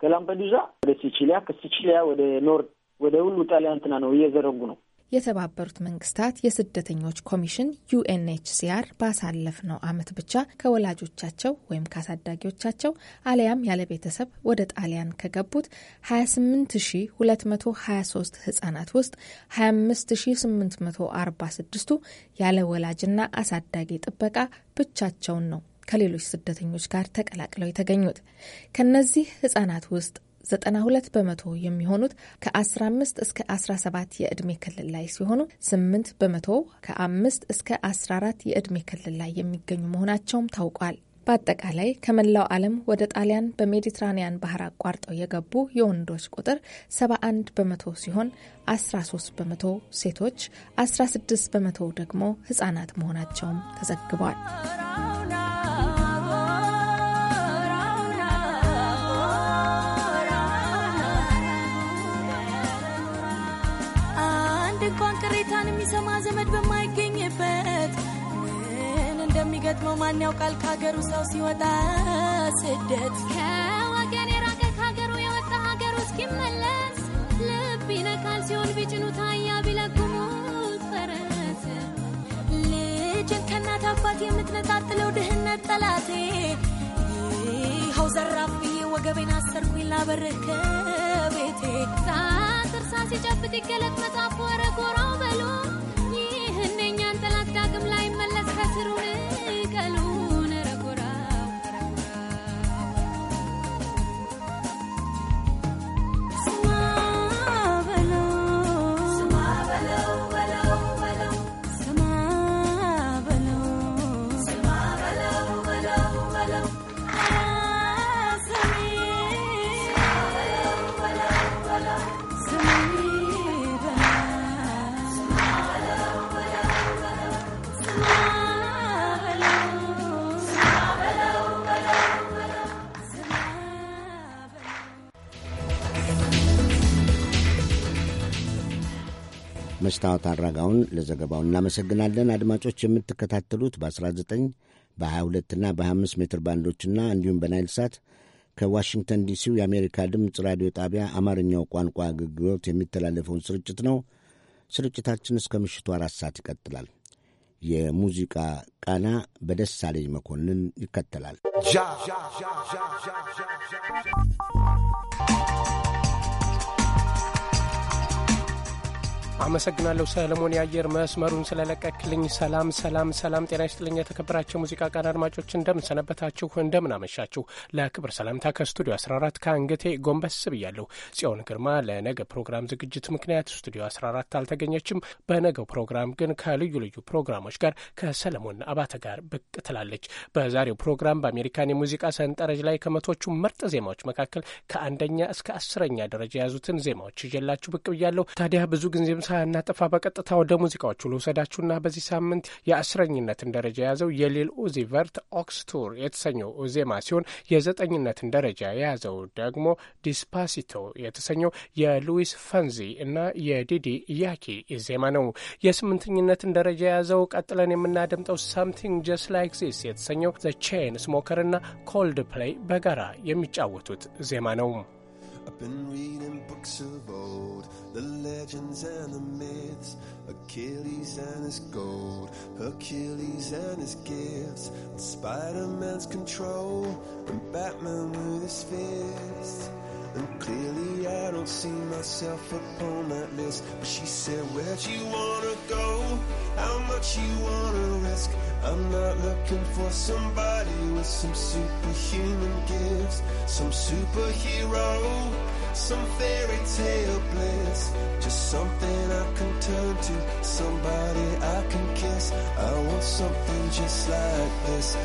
ከላምፔዱዛ ወደ ሲቺሊያ፣ ከሲቺሊያ ወደ ኖርድ ወደ ሁሉ ጣሊያን ነው እየዘረጉ ነው። የተባበሩት መንግስታት የስደተኞች ኮሚሽን ዩኤንኤችሲአር ባሳለፍነው አመት ብቻ ከወላጆቻቸው ወይም ከአሳዳጊዎቻቸው አሊያም ያለ ቤተሰብ ወደ ጣሊያን ከገቡት 28223 ህጻናት ውስጥ 25846ቱ ያለ ወላጅና አሳዳጊ ጥበቃ ብቻቸውን ነው ከሌሎች ስደተኞች ጋር ተቀላቅለው የተገኙት። ከነዚህ ህጻናት ውስጥ 92 በመቶ የሚሆኑት ከ15 እስከ 17 የዕድሜ ክልል ላይ ሲሆኑ 8 በመቶ ከ5 እስከ 14 የዕድሜ ክልል ላይ የሚገኙ መሆናቸውም ታውቋል። በአጠቃላይ ከመላው ዓለም ወደ ጣሊያን በሜዲትራኒያን ባህር አቋርጠው የገቡ የወንዶች ቁጥር 71 በመቶ ሲሆን 13 በመቶ ሴቶች፣ 16 በመቶ ደግሞ ህጻናት መሆናቸውም ተዘግቧል። አንድ እንኳን ቅሬታን የሚሰማ ዘመድ በማይገኝበት ምን እንደሚገጥመው ማን ያውቃል? ከሀገሩ ሰው ሲወጣ ስደት ከወገን የራቀ ከሀገሩ የወጣ ሀገሩ እስኪመለስ ልብ ይነካል። ሲሆን ቢጭኑ ታያ ቢለጉሙት ፈረስ ልጅን ከእናት አባት የምትነጣጥለው ድህነት ጠላቴ ይኸው ዘራፍ ብዬ ወገቤን አሰርኩኝ ላበርህ ከቤቴ ጠላት እርሳስ ሲጨብጥ ይገለጥ መጽሐፍ ወረ ጎራው በሎ ይህነኛን ጠላት ዳግም ላይ መለስ ከስሩን መስታወት አድራጋውን ለዘገባው እናመሰግናለን። አድማጮች የምትከታተሉት በ19 በ22 እና በ25 ሜትር ባንዶችና እንዲሁም በናይል ሳት ከዋሽንግተን ዲሲው የአሜሪካ ድምፅ ራዲዮ ጣቢያ አማርኛው ቋንቋ አገልግሎት የሚተላለፈውን ስርጭት ነው። ስርጭታችን እስከ ምሽቱ አራት ሰዓት ይቀጥላል። የሙዚቃ ቃና በደሳለኝ መኮንን ይከተላል። አመሰግናለሁ ሰለሞን የአየር መስመሩን ስለለቀክልኝ ሰላም ሰላም ሰላም፣ ጤና ይስጥልኝ። የተከበራቸው ሙዚቃ ቃን አድማጮች እንደምን አመሻችሁ? ለክብር ሰላምታ ከስቱዲዮ 14 ከአንገቴ ጎንበስ ብያለሁ። ጽዮን ግርማ ለነገ ፕሮግራም ዝግጅት ምክንያት ስቱዲዮ 14 አልተገኘችም። በነገው ፕሮግራም ግን ከልዩ ልዩ ፕሮግራሞች ጋር ከሰለሞን አባተ ጋር ብቅ ትላለች። በዛሬው ፕሮግራም በአሜሪካን የሙዚቃ ሰንጠረዥ ላይ ከመቶቹ ምርጥ ዜማዎች መካከል ከአንደኛ እስከ አስረኛ ደረጃ የያዙትን ዜማዎች ይዤላችሁ ብቅ ብያለሁ። ታዲያ ብዙ ጊዜም ሳያናጠፋ በቀጥታ ወደ ሙዚቃዎቹ ልውሰዳችሁና በዚህ ሳምንት የአስረኝነትን ደረጃ የያዘው የሊል ኡዚ ቨርት ኦክስቱር የተሰኘው ዜማ ሲሆን የዘጠኝነትን ደረጃ የያዘው ደግሞ ዲስፓሲቶ የተሰኘው የሉዊስ ፈንዚ እና የዲዲ ያኪ ዜማ ነው። የስምንተኝነትን ደረጃ የያዘው ቀጥለን የምናደምጠው ሳምቲንግ ጀስት ላይክ ዚስ የተሰኘው ዘ ቼን ስሞከር እና ኮልድ ፕሌይ በጋራ የሚጫወቱት ዜማ ነው። I've been reading books of old, the legends and the myths, Achilles and his gold, Hercules and his gifts, Spider Man's control, and Batman with his fists. And clearly I don't see myself upon that list But she said, where'd you wanna go? How much you wanna risk? I'm not looking for somebody with some superhuman gifts Some superhero, some fairy tale bliss Just something I can turn to, somebody I can kiss I want something just like this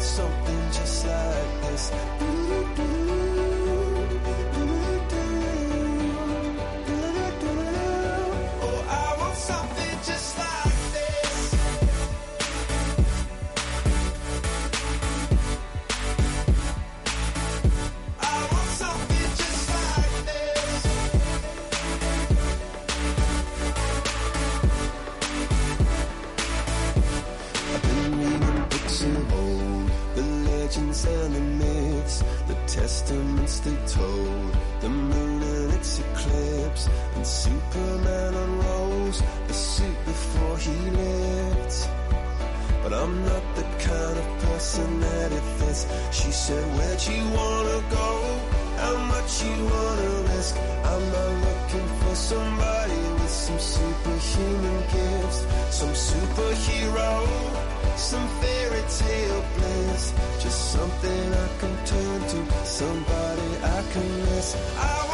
something just like this. said, where'd you wanna go? How much you wanna risk? I'm not looking for somebody with some superhuman gifts, some superhero, some fairy tale bliss. Just something I can turn to, somebody I can miss. I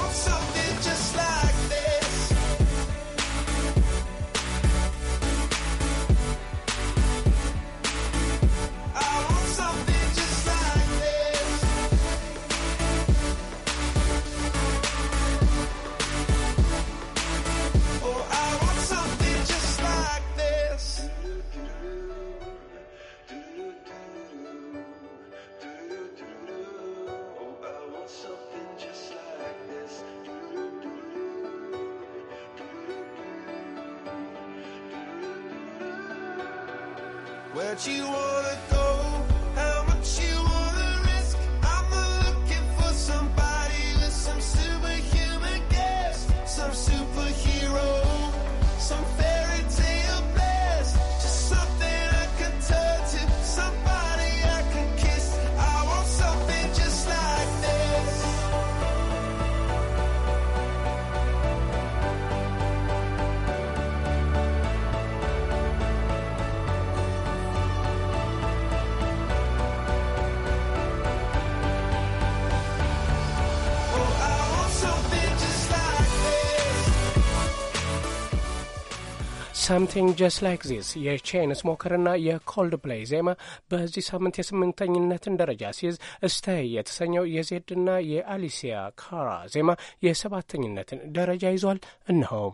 ሳምቲንግ ጀስት ላይክ ዚስ የቼን ስሞከርና የኮልድ ፕሌይ ዜማ በዚህ ሳምንት የስምንተኝነትን ደረጃ ሲይዝ ስተይ የተሰኘው የዜድና የአሊሲያ ካራ ዜማ የሰባተኝነትን ደረጃ ይዟል። እነሆ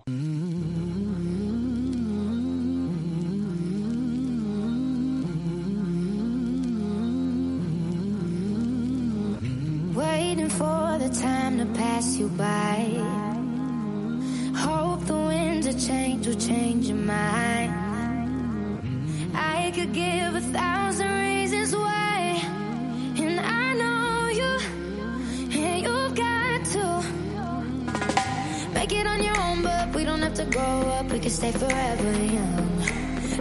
Waiting for the time to pass you by Hope the winds of change will change your mind. I could give a thousand reasons why, and I know you, and you've got to make it on your own. But we don't have to grow up; we can stay forever young.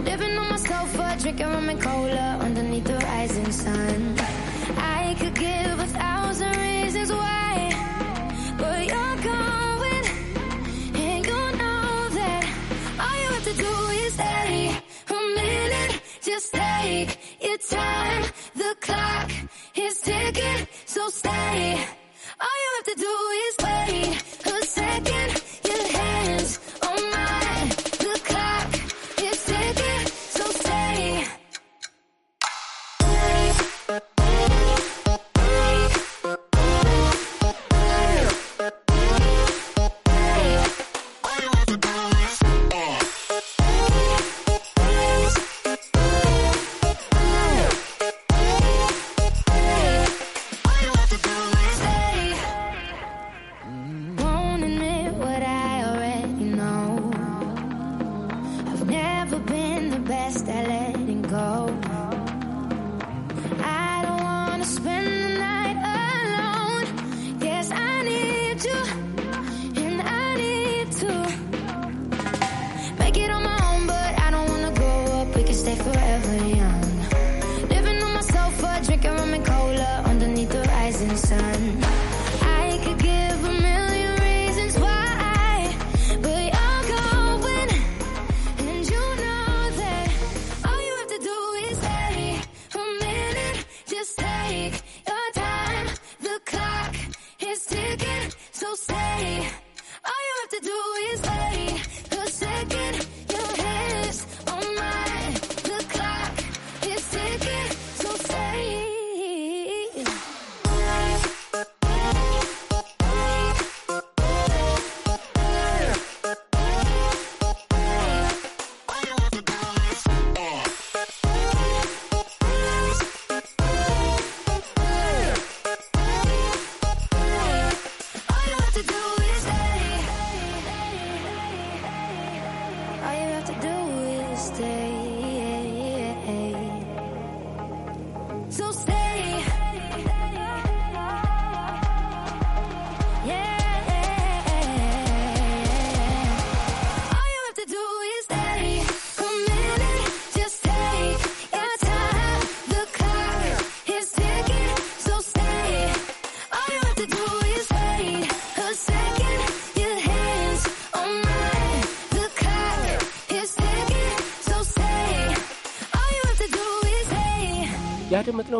Living on my sofa, drinking rum and cola underneath the rising sun. I could give a thousand reasons why, but you're to do is stay a minute. Just take your time. The clock is ticking, so stay. All you have to do is wait a second.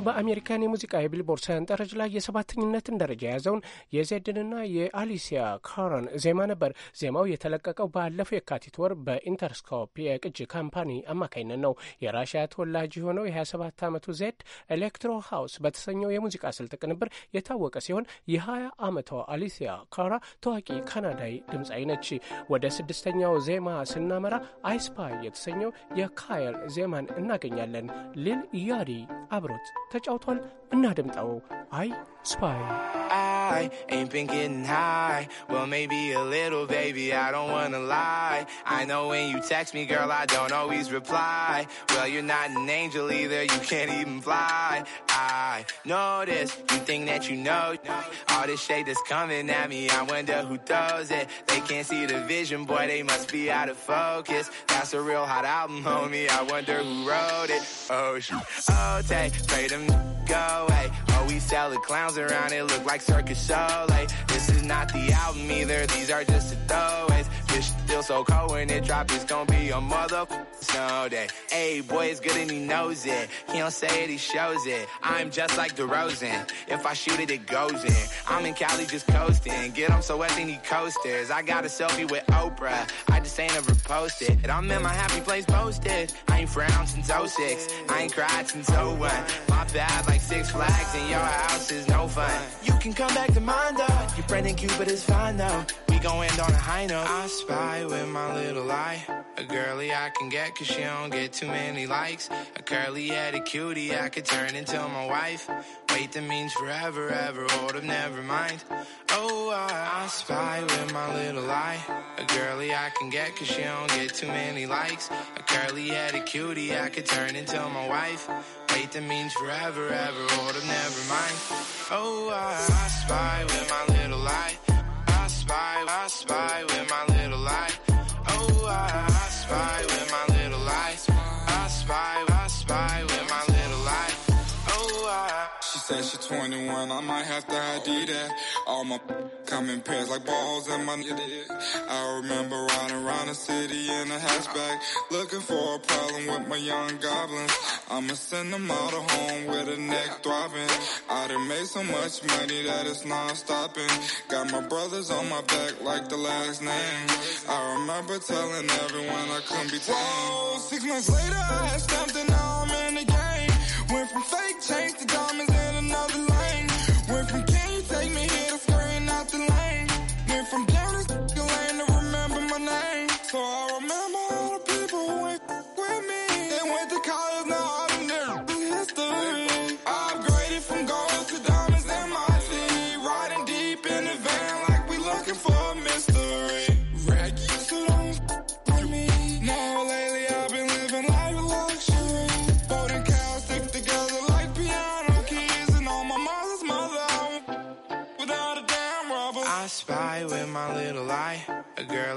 በዘንድሮው በአሜሪካን የሙዚቃ የቢልቦርድ ሰንጠረዥ ላይ የሰባተኝነትን ደረጃ የያዘውን የዜድንና የአሊሲያ ካሮን ዜማ ነበር። ዜማው የተለቀቀው ባለፈው የካቲት ወር በኢንተርስኮፕ የቅጅ ካምፓኒ አማካኝነት ነው። የራሽያ ተወላጅ የሆነው የ27 ዓመቱ ዜድ ኤሌክትሮ ሃውስ በተሰኘው የሙዚቃ ስልት ቅንብር የታወቀ ሲሆን የ20 ዓመቷ አሊሲያ ካራ ታዋቂ ካናዳዊ ድምፃዊ ነች። ወደ ስድስተኛው ዜማ ስናመራ አይስፓ የተሰኘው የካየል ዜማን እናገኛለን። ሊል ያዲ አብሮት ተጫውቷል። እናደምጠው። አይ ስፓይ I ain't been getting high. Well, maybe a little, baby, I don't wanna lie. I know when you text me, girl, I don't always reply. Well, you're not an angel either, you can't even fly. I know this, you think that you know. All this shade that's coming at me, I wonder who throws it. They can't see the vision, boy, they must be out of focus. That's a real hot album, homie, I wonder who wrote it. Oh, shit. Oh, take, pray them go away. Oh, we sell the clowns around, it look like circus show. Like, this is not the album either, these are just the throwaways. Fish feel so cold when it drop. It's gonna be a mother snow day. Hey, boy, it's good and he knows it. He don't say it, he shows it. I'm just like DeRozan. If I shoot it, it goes in. I'm in Cali just coasting. Get him so wet, then he coasters. I got a selfie with Oprah. I just ain't ever posted. And I'm in my happy place posted. I ain't frowned since 06. I ain't cried since 01. My bad, like six flags, and your house is no fun. You can come back to mine, though. Your friend in Cupid is fine, though. We gon' end on a high note. I spy night with my little eye. A girly I can get cause she don't get too many likes. A curly headed cutie I could turn into my wife. Wait, that means forever, ever, or of oh, never mind. Oh, I, I spy with my little eye. A girly I can get cause she don't get too many likes. A curly headed cutie I could turn into my wife. Wait, that means forever, ever, or of oh, never mind. Oh, I, I spy with my little eye. I, spy with my little light. Oh, I, I spy with my little lights. I spy, I spy. Said she 21, I might have to ID that. All my come in pairs like balls and my niggas. I remember riding around the city in a hatchback, looking for a problem with my young goblins. I'ma send them all to home with a neck throbbing. I done made so much money that it's not stopping. Got my brothers on my back like the last name. I remember telling everyone I couldn't be tamed. Whoa, six months later, I had something, now I'm in the game. Went from fake chains to diamonds.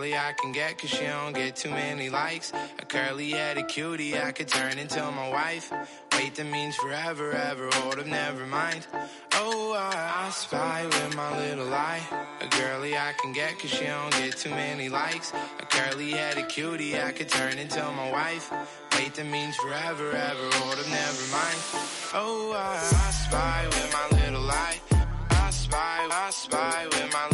girly I can get, cause she don't get too many likes. A curly headed cutie I could turn into my wife. Wait, that means forever, ever, hold up, oh, never mind. Oh, I, I spy with my little eye. A girly I can get, cause she don't get too many likes. A curly headed cutie I could turn into my wife. Wait, that means forever, ever, hold up, oh, never mind. Oh, I, I spy with my little eye. I spy, I spy with my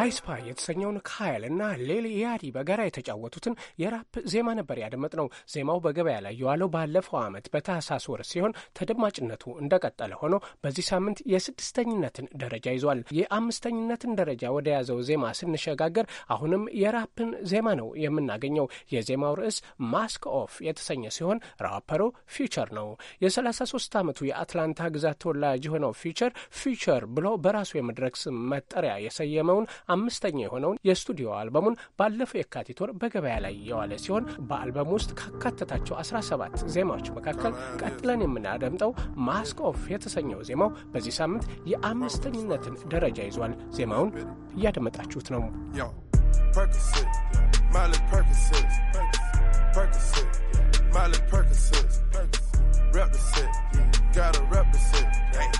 አይስፓ የተሰኘውን ካይል እና ሌሊ ያዲ በጋራ የተጫወቱትን የራፕ ዜማ ነበር ያደመጥነው። ዜማው በገበያ ላይ የዋለው ባለፈው ዓመት በታህሳስ ወር ሲሆን ተደማጭነቱ እንደቀጠለ ሆኖ በዚህ ሳምንት የስድስተኝነትን ደረጃ ይዟል። የአምስተኝነትን ደረጃ ወደ ያዘው ዜማ ስንሸጋገር አሁንም የራፕን ዜማ ነው የምናገኘው። የዜማው ርዕስ ማስክ ኦፍ የተሰኘ ሲሆን ራፐሩ ፊቸር ነው። የ33 ዓመቱ የአትላንታ ግዛት ተወላጅ የሆነው ፊቸር ፊቸር ብሎ በራሱ የመድረክ ስም መጠሪያ የሰየመውን አምስተኛ የሆነውን የስቱዲዮ አልበሙን ባለፈው የካቲት ወር በገበያ ላይ የዋለ ሲሆን በአልበሙ ውስጥ ካካተታቸው 17 ዜማዎች መካከል ቀጥለን የምናደምጠው ማስክ ኦፍ የተሰኘው ዜማው በዚህ ሳምንት የአምስተኝነትን ደረጃ ይዟል። ዜማውን እያደመጣችሁት ነው።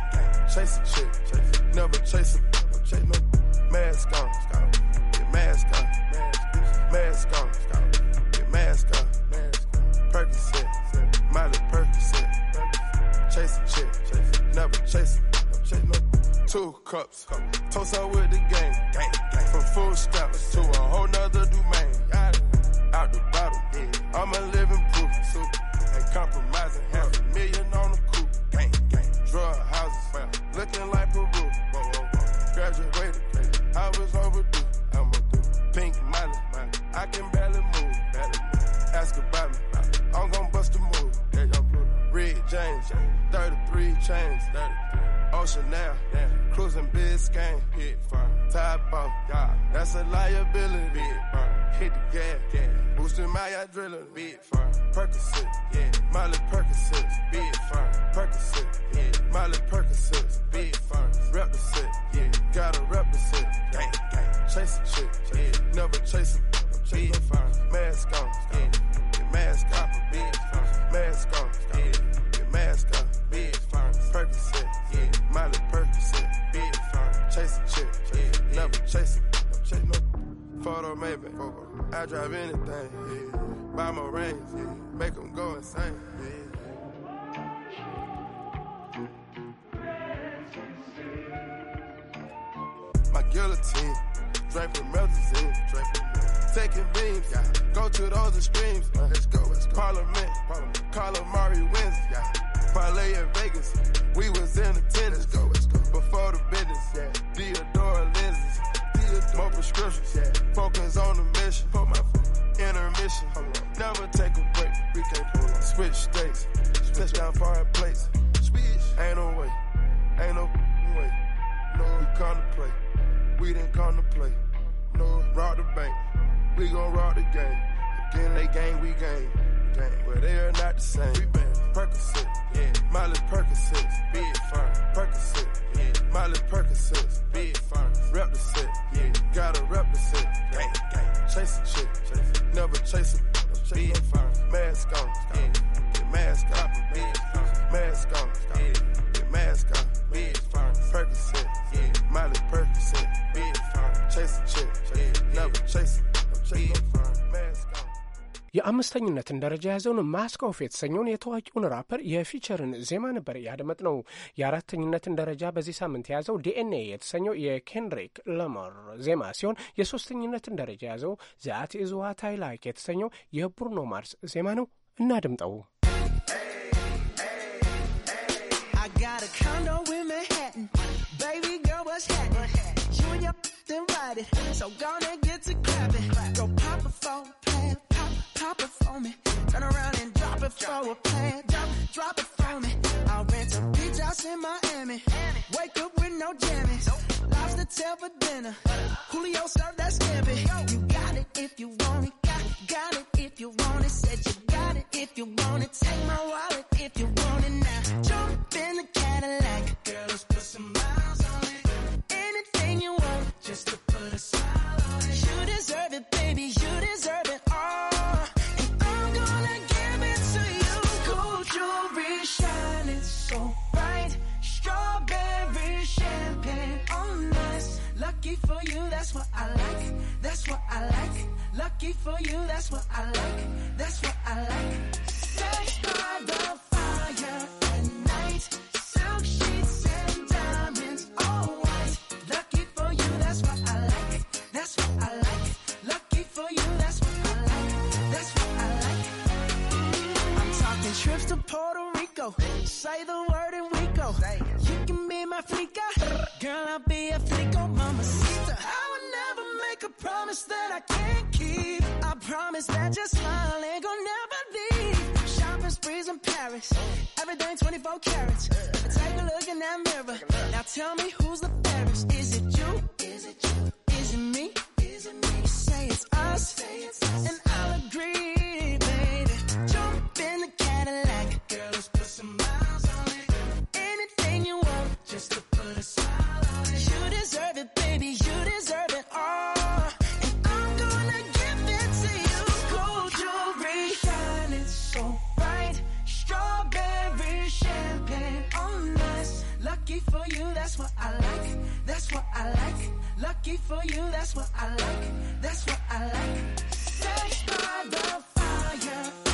gotta chase a chick, never chase a, chase no. mask on, get mask on, mask on, get mask on, Percocet, Miley Percocet, chase a chick, never chase a Two cups, toast out with the game, from food stamps to a whole nother domain. Out the bottle, I'm a living proof, and compromise. I was overdue. I'm overdue. Pink money, money. I can barely move. Barely move. Ask about me. I'm gonna bust a move. Red James, 33 chains. 33. Ocean now, yeah. cruising Biscayne. Hit fine. Top off, that's a liability. Big Hit the gas, gas. Boosting my adrenaline, big fine. Percocet, yeah. my Molly Percocet, big fine. Percocet, yeah. my Molly Percocet, big fine. Represent, yeah. Gotta represent, gang, gang. Chase a chick, yeah. Never chase a big fine. Mask on, yeah. Get mask off, big fine. Mask on, yeah. Get mask off, big fine. Percocet, yeah. my Molly Percocet, big fine. Chase a chick, yeah. Never chase a photo maybe. I drive anything, buy my rings, make them go insane. My guillotine, drink from Melazine, taking beams, yeah. go to those extremes. Uh, let's go, let's go. Parliament, Parliament. Carla Murray wins, yeah. Parlay in Vegas, we was in attendance. Let's go, let's go. Before the business, yeah. Deodora lenses. More prescriptions. Focus on the mission. Put my intermission. Never take a break. We can switch states. Touchdown fire plates. Ain't no way. Ain't no way. No, we contemplate. We didn't contemplate. No, rock the bank. We gon' rock the game. Again, they game, we game gang. Well, they are not the same. We bang Percocet, yeah. Miley Percocet, be it fine. Percocet, yeah. Miley Percocet, be it Rep the set, yeah. Gotta rep the set, gang, gang. Chase a chick, chase never chase a be it Mask on, yeah. Get mask on, be it Mask on, yeah. Get mask on, be it fine. Percocet, yeah. Miley Percocet, be it Chase a chick, yeah. Never chase የአምስተኝነትን ደረጃ የያዘውን ማስክ ኦፍ የተሰኘውን የታዋቂውን ራፐር የፊቸርን ዜማ ነበር ያደመጥ ነው። የአራተኝነትን ደረጃ በዚህ ሳምንት የያዘው ዲኤንኤ የተሰኘው የኬንድሪክ ለመር ዜማ ሲሆን የሶስተኝነትን ደረጃ የያዘው ዛት ኢዝ ዋት አይ ላይክ የተሰኘው የቡርኖ ማርስ ዜማ ነው። እናድምጠው። So gonna get to clapping. Go pop a phone, pop it for me. Turn around and drop it drop for it. a plan. Drop, drop it for me. I'll rent a beach house in Miami. Wake up with no jammies. Lobster tail for dinner. Julio served that scampi. You got it if you want it. Got, got it if you want it. Said you got it if you want it. Take my wallet if you want it now. Jump in the Cadillac. Girl, let's put some miles on it. Anything you want. Just to put a smile on it. You deserve it, baby. You deserve it. for you, that's what I like. That's what I like. Lucky for you, that's what I like. That's what I like. Stay by the fire at night. Silk sheets and diamonds, all white. Lucky for you, that's what I like. That's what I like. Lucky for you, that's what I like. That's what I like. I'm talking trips to Puerto Rico. Say the word and we go. You can be my flica. Girl, I'll be a freak on mamacita. I would never make a promise that I can't keep. I promise that your smile ain't gonna never leave. Shopping sprees in Paris, everything 24 carats. Take a look in that mirror. Now tell me who's the fairest? Is it you? Is it you? Is it me? Is it me? You say it's us, and I'll agree, baby. Jump in the Cadillac I like. Lucky for you, that's what I like. That's what I like. Search by the fire.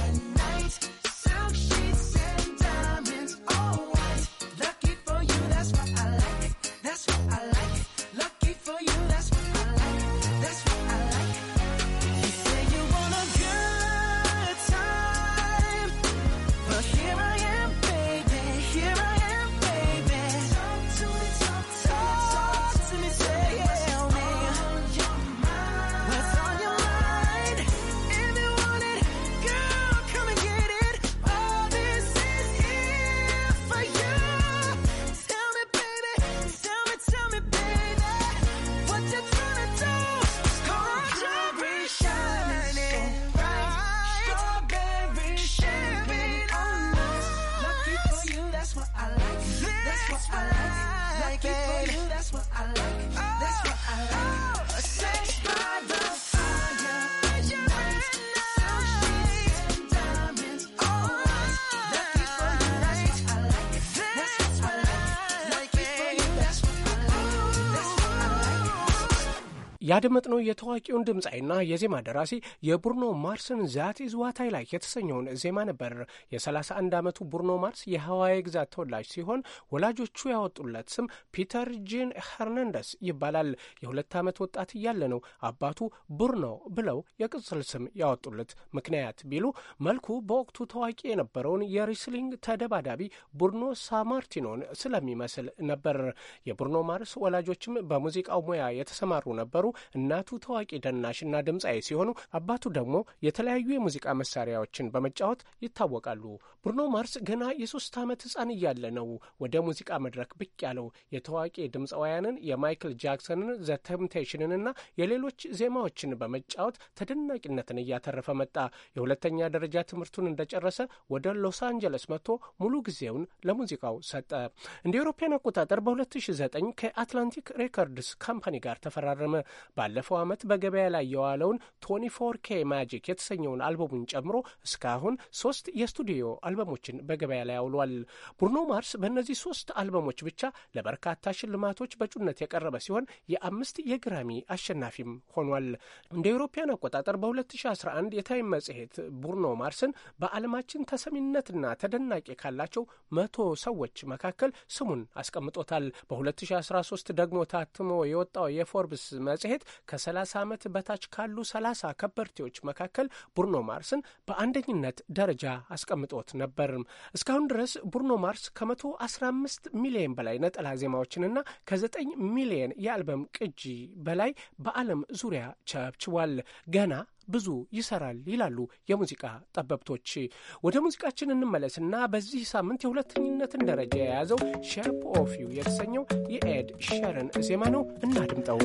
ያደመጥነው የታዋቂውን ድምፃዊና የዜማ ደራሲ የቡርኖ ማርስን ዛት ኢዝ ዋት አይ ላይክ የተሰኘውን ዜማ ነበር። የ31 ዓመቱ ቡርኖ ማርስ የሀዋይ ግዛት ተወላጅ ሲሆን ወላጆቹ ያወጡለት ስም ፒተር ጂን ሄርናንደስ ይባላል። የሁለት ዓመት ወጣት እያለ ነው አባቱ ቡርኖ ብለው የቅጽል ስም ያወጡለት። ምክንያት ቢሉ መልኩ በወቅቱ ታዋቂ የነበረውን የሪስሊንግ ተደባዳቢ ቡርኖ ሳማርቲኖን ስለሚመስል ነበር። የቡርኖ ማርስ ወላጆችም በሙዚቃው ሙያ የተሰማሩ ነበሩ። እናቱ ታዋቂ ደናሽና ድምፃዊ ሲሆኑ አባቱ ደግሞ የተለያዩ የሙዚቃ መሳሪያዎችን በመጫወት ይታወቃሉ። ብሩኖ ማርስ ገና የሶስት ዓመት ህጻን እያለ ነው ወደ ሙዚቃ መድረክ ብቅ ያለው። የታዋቂ ድምፃውያንን የማይክል ጃክሰንን ዘ ቴምፕቴሽንንና የሌሎች ዜማዎችን በመጫወት ተደናቂነትን እያተረፈ መጣ። የሁለተኛ ደረጃ ትምህርቱን እንደጨረሰ ወደ ሎስ አንጀለስ መጥቶ ሙሉ ጊዜውን ለሙዚቃው ሰጠ። እንደ አውሮፓውያን አቆጣጠር በ2009 ከአትላንቲክ ሬኮርድስ ካምፓኒ ጋር ተፈራረመ። ባለፈው ዓመት በገበያ ላይ የዋለውን ቶኒ ፎር ኬ ማጂክ የተሰኘውን አልበሙን ጨምሮ እስካሁን ሶስት የስቱዲዮ አልበሞችን በገበያ ላይ አውሏል። ቡርኖ ማርስ በእነዚህ ሶስት አልበሞች ብቻ ለበርካታ ሽልማቶች በእጩነት የቀረበ ሲሆን የአምስት የግራሚ አሸናፊም ሆኗል። እንደ አውሮፓውያን አቆጣጠር በ2011 የታይም መጽሔት ቡርኖ ማርስን በዓለማችን ተሰሚነትና ተደናቂ ካላቸው መቶ ሰዎች መካከል ስሙን አስቀምጦታል። በ2013 ደግሞ ታትሞ የወጣው የፎርብስ መጽሔት ከ30 ዓመት በታች ካሉ 30 ከበርቴዎች መካከል ቡርኖ ማርስን በአንደኝነት ደረጃ አስቀምጦት ነበር። እስካሁን ድረስ ቡርኖ ማርስ ከ115 ሚሊዮን በላይ ነጠላ ዜማዎችንና ከ9 ሚሊዮን የአልበም ቅጂ በላይ በዓለም ዙሪያ ቸብችቧል። ገና ብዙ ይሰራል ይላሉ የሙዚቃ ጠበብቶች። ወደ ሙዚቃችን እንመለስና በዚህ ሳምንት የሁለተኝነትን ደረጃ የያዘው ሼፕ ኦፍ ዩ የተሰኘው የኤድ ሼረን ዜማ ነው። እናድምጠው።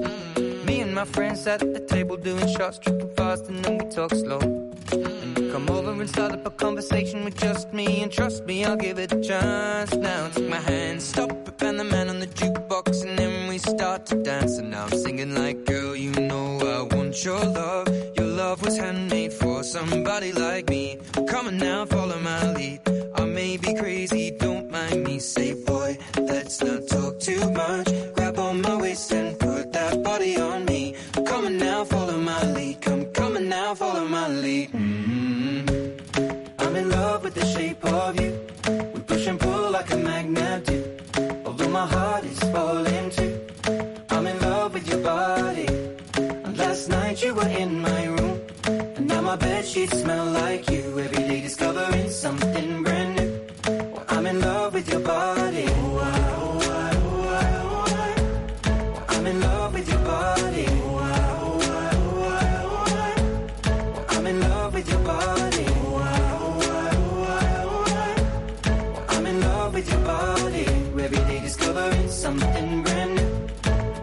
mm. Me and my friends at the table doing shots, tripping fast, and then we talk slow. And you come over and start up a conversation with just me, and trust me, I'll give it a chance. Now take my hand, stop it, and the man on the jukebox, and then start to dance and now I'm singing like, girl, you know I want your love. Your love was handmade for somebody like me. Come on now, follow my lead. I may be crazy, don't mind me. Say, boy, let's not talk too much. Grab on my waist and put that body on me. Come on now, follow my lead. Come, come on now, follow my lead. Mm -hmm. I'm in love with the shape of you. We push and pull like a magnet do. Although my heart is falling. you were in my room. And now my bed sheets smell like you. Every day discovering something brand new. Well, I'm in love with your body. I, am in love with your body. I, am in love with your body. I, am in love with your body. Every day discovering something brand new.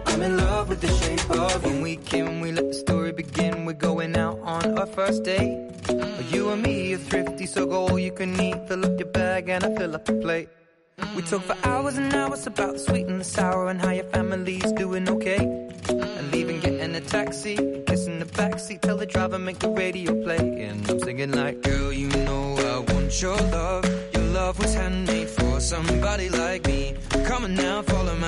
I'm in love with the shape of you. When we came we're going out on our first date. Mm. You and me are thrifty, so go all you can eat. Fill up your bag and I fill up the plate. Mm. We talk for hours and hours about the sweet and the sour and how your family's doing okay. Mm. And leaving, getting a taxi, kissing the backseat, tell the driver make the radio play. And I'm singing like, girl, you know I want your love. Your love was handmade for somebody like me. Come on now, follow my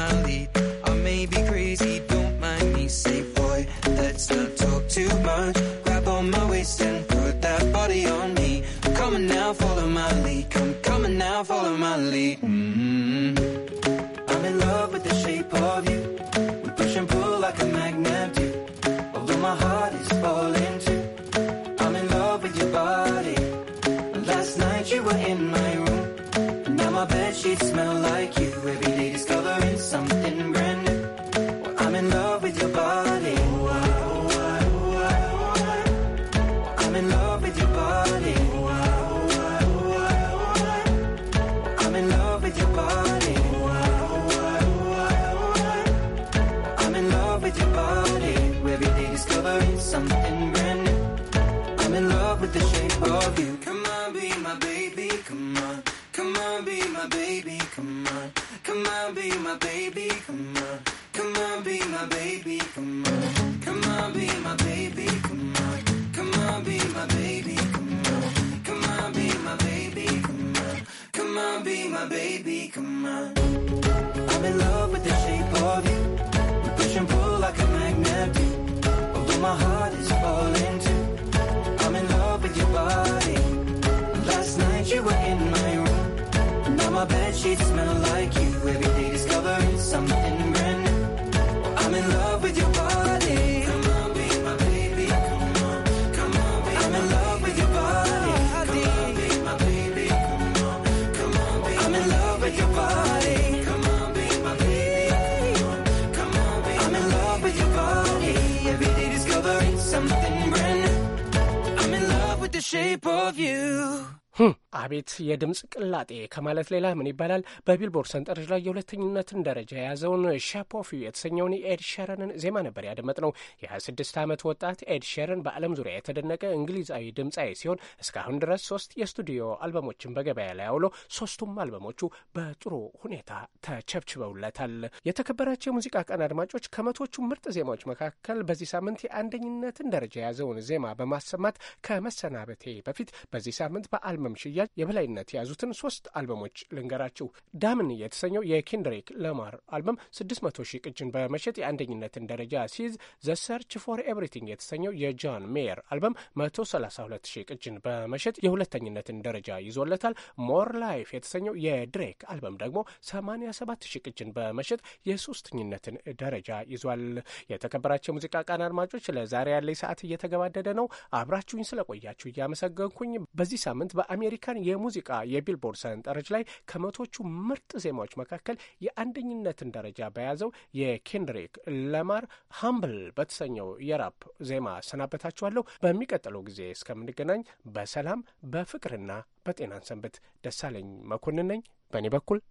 with the shape of you. Hmm. አቤት የድምፅ ቅላጤ ከማለት ሌላ ምን ይባላል? በቢልቦርድ ሰንጠረዥ ላይ የሁለተኝነትን ደረጃ የያዘውን ሼፕ ኦፍ ዩ የተሰኘውን የኤድ ሸረንን ዜማ ነበር ያደመጥነው። የ26 ዓመት ወጣት ኤድ ሸረን በዓለም ዙሪያ የተደነቀ እንግሊዛዊ ድምፃዊ ሲሆን እስካሁን ድረስ ሶስት የስቱዲዮ አልበሞችን በገበያ ላይ አውሎ ሶስቱም አልበሞቹ በጥሩ ሁኔታ ተቸብችበውለታል። የተከበራቸው የሙዚቃ ቀን አድማጮች ከመቶቹ ምርጥ ዜማዎች መካከል በዚህ ሳምንት የአንደኝነትን ደረጃ የያዘውን ዜማ በማሰማት ከመሰናበቴ በፊት በዚህ ሳምንት በአልመ በአልበም ሽያጭ የበላይነት የያዙትን ሶስት አልበሞች ልንገራችሁ። ዳምን የተሰኘው የኬንድሪክ ለማር አልበም 600 ሺህ ቅጅን በመሸጥ የአንደኝነትን ደረጃ ሲይዝ፣ ዘ ሰርች ፎር ኤቭሪቲንግ የተሰኘው የጃን ሜየር አልበም 132 ሺህ ቅጅን በመሸጥ የሁለተኝነትን ደረጃ ይዞለታል። ሞር ላይፍ የተሰኘው የድሬክ አልበም ደግሞ 87 ሺህ ቅጅን በመሸጥ የሶስተኝነትን ደረጃ ይዟል። የተከበራቸው የሙዚቃ ቃና አድማጮች ለዛሬ ያለኝ ሰዓት እየተገባደደ ነው። አብራችሁኝ ስለቆያችሁ እያመሰገንኩኝ በዚህ ሳምንት በአ የአሜሪካን የሙዚቃ የቢልቦርድ ሰንጠረዥ ላይ ከመቶቹ ምርጥ ዜማዎች መካከል የአንደኝነትን ደረጃ በያዘው የኬንድሪክ ለማር ሃምብል በተሰኘው የራፕ ዜማ ሰናበታችኋለሁ። በሚቀጥለው ጊዜ እስከምንገናኝ በሰላም በፍቅርና በጤናን ሰንበት። ደሳለኝ መኮንን ነኝ። በእኔ በኩል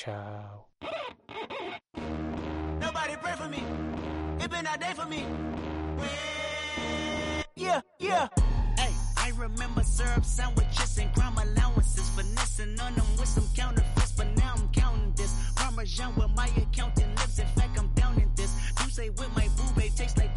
ቻው። Yeah, yeah. remember syrup sandwiches and crime allowances. Finessing on them with some counterfeits, but now I'm counting this. Parmesan with my accountant lives. In fact, I'm down in this. You say with my boo, tastes like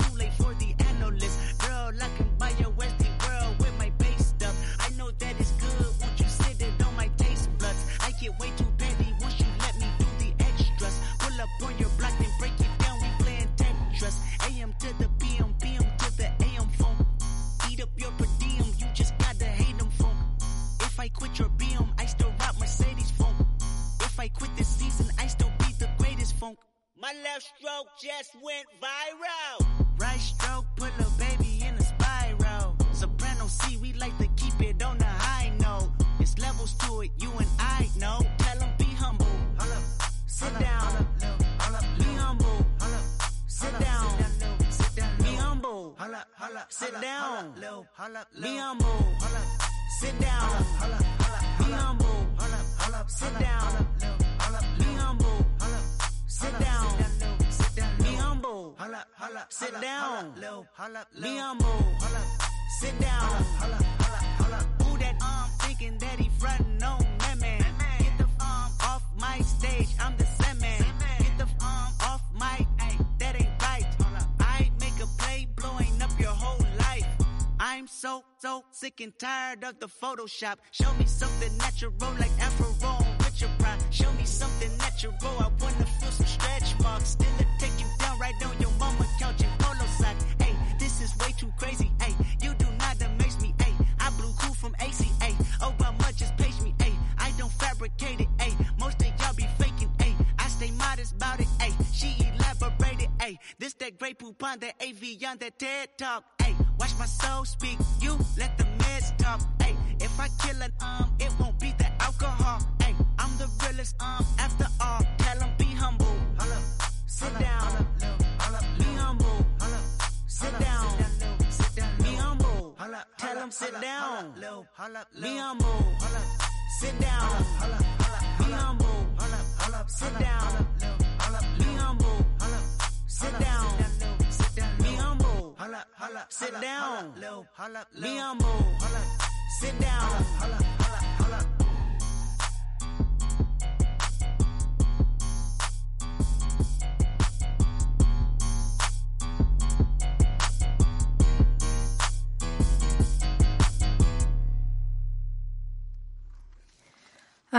left stroke just went viral. Right stroke put a baby in a spiral. Soprano C, we like to keep it on the high note. It's levels to it, you and I know. Tell them be humble. Sit down. Be humble. Sit down. Be humble. Sit down. Be humble. Sit down. Be humble. Sit down. holla, sit holla, down. Holla, holla, Me on move, sit down. Holla, holla, holla, Who that um thinking that he frontin' on me, man? Get the um off my stage, I'm the same man. Get the um off my, ay, that ain't right. I make a play, blowing up your whole life. I'm so so sick and tired of the Photoshop. Show me something natural like Afro with your pride. Show me something natural. I wanna feel some stretch marks. Still Too crazy, Hey, You do not that makes me, Hey, I blew cool from ACA. Oh, how much is pace me, Hey, I don't fabricate it, Hey, Most of y'all be faking, Hey, I stay modest about it, Hey, She elaborated, Hey, This that great poupon, that AV on that TED talk, Hey, Watch my soul speak, you let the meds talk, Hey, If I kill an um, it won't be the alcohol, Hey, I'm the realest um after all. Come sit down. Be humble. Sit down. Be humble. Sit down. Be humble. Sit down. Be humble. Sit down. Be humble. Sit down.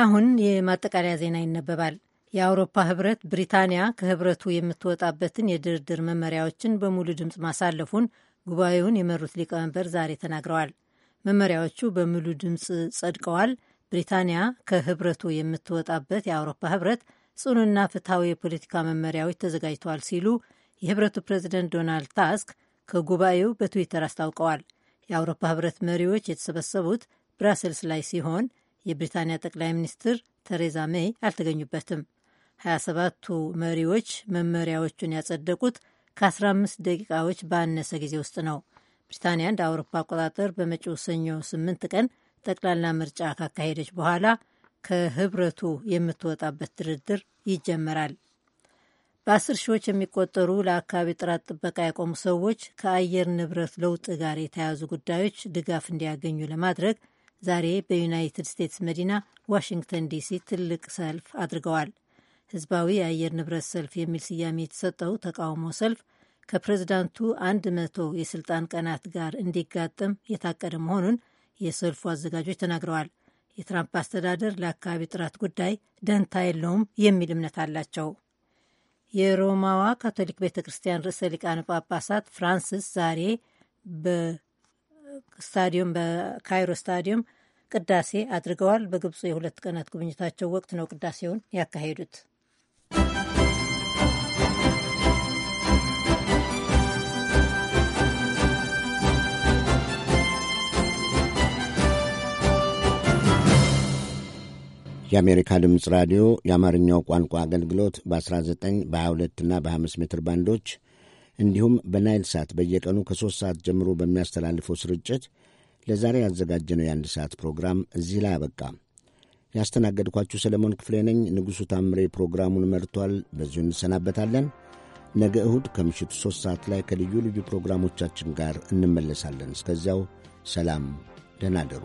አሁን የማጠቃለያ ዜና ይነበባል። የአውሮፓ ህብረት ብሪታንያ ከህብረቱ የምትወጣበትን የድርድር መመሪያዎችን በሙሉ ድምፅ ማሳለፉን ጉባኤውን የመሩት ሊቀመንበር ዛሬ ተናግረዋል። መመሪያዎቹ በሙሉ ድምፅ ጸድቀዋል። ብሪታንያ ከህብረቱ የምትወጣበት የአውሮፓ ህብረት ጽኑና ፍትሐዊ የፖለቲካ መመሪያዎች ተዘጋጅተዋል ሲሉ የህብረቱ ፕሬዚደንት ዶናልድ ታስክ ከጉባኤው በትዊተር አስታውቀዋል። የአውሮፓ ህብረት መሪዎች የተሰበሰቡት ብራሰልስ ላይ ሲሆን የብሪታንያ ጠቅላይ ሚኒስትር ተሬዛ ሜይ አልተገኙበትም። 27ቱ መሪዎች መመሪያዎቹን ያጸደቁት ከ15 ደቂቃዎች ባነሰ ጊዜ ውስጥ ነው። ብሪታንያ እንደ አውሮፓ አቆጣጠር በመጪው ሰኞ 8 ቀን ጠቅላላ ምርጫ ካካሄደች በኋላ ከህብረቱ የምትወጣበት ድርድር ይጀመራል። በአስር ሺዎች የሚቆጠሩ ለአካባቢ ጥራት ጥበቃ የቆሙ ሰዎች ከአየር ንብረት ለውጥ ጋር የተያያዙ ጉዳዮች ድጋፍ እንዲያገኙ ለማድረግ ዛሬ በዩናይትድ ስቴትስ መዲና ዋሽንግተን ዲሲ ትልቅ ሰልፍ አድርገዋል። ህዝባዊ የአየር ንብረት ሰልፍ የሚል ስያሜ የተሰጠው ተቃውሞ ሰልፍ ከፕሬዝዳንቱ አንድ መቶ የስልጣን ቀናት ጋር እንዲጋጠም የታቀደ መሆኑን የሰልፉ አዘጋጆች ተናግረዋል። የትራምፕ አስተዳደር ለአካባቢ ጥራት ጉዳይ ደንታ የለውም የሚል እምነት አላቸው። የሮማዋ ካቶሊክ ቤተ ክርስቲያን ርዕሰ ሊቃነ ጳጳሳት ፍራንሲስ ዛሬ በስታዲየም በካይሮ ስታዲየም ቅዳሴ አድርገዋል። በግብፁ የሁለት ቀናት ጉብኝታቸው ወቅት ነው ቅዳሴውን ያካሄዱት። የአሜሪካ ድምፅ ራዲዮ የአማርኛው ቋንቋ አገልግሎት በ19 በ22 እና በ25 ሜትር ባንዶች እንዲሁም በናይል ሳት በየቀኑ ከሦስት ሰዓት ጀምሮ በሚያስተላልፈው ስርጭት ለዛሬ ያዘጋጀነው የአንድ ሰዓት ፕሮግራም እዚህ ላይ አበቃ። ያስተናገድኳችሁ ሰለሞን ክፍሌ ነኝ። ንጉሡ ታምሬ ፕሮግራሙን መርቷል። በዚሁ እንሰናበታለን። ነገ እሁድ ከምሽቱ ሦስት ሰዓት ላይ ከልዩ ልዩ ፕሮግራሞቻችን ጋር እንመለሳለን። እስከዚያው ሰላም፣ ደህና አደሩ።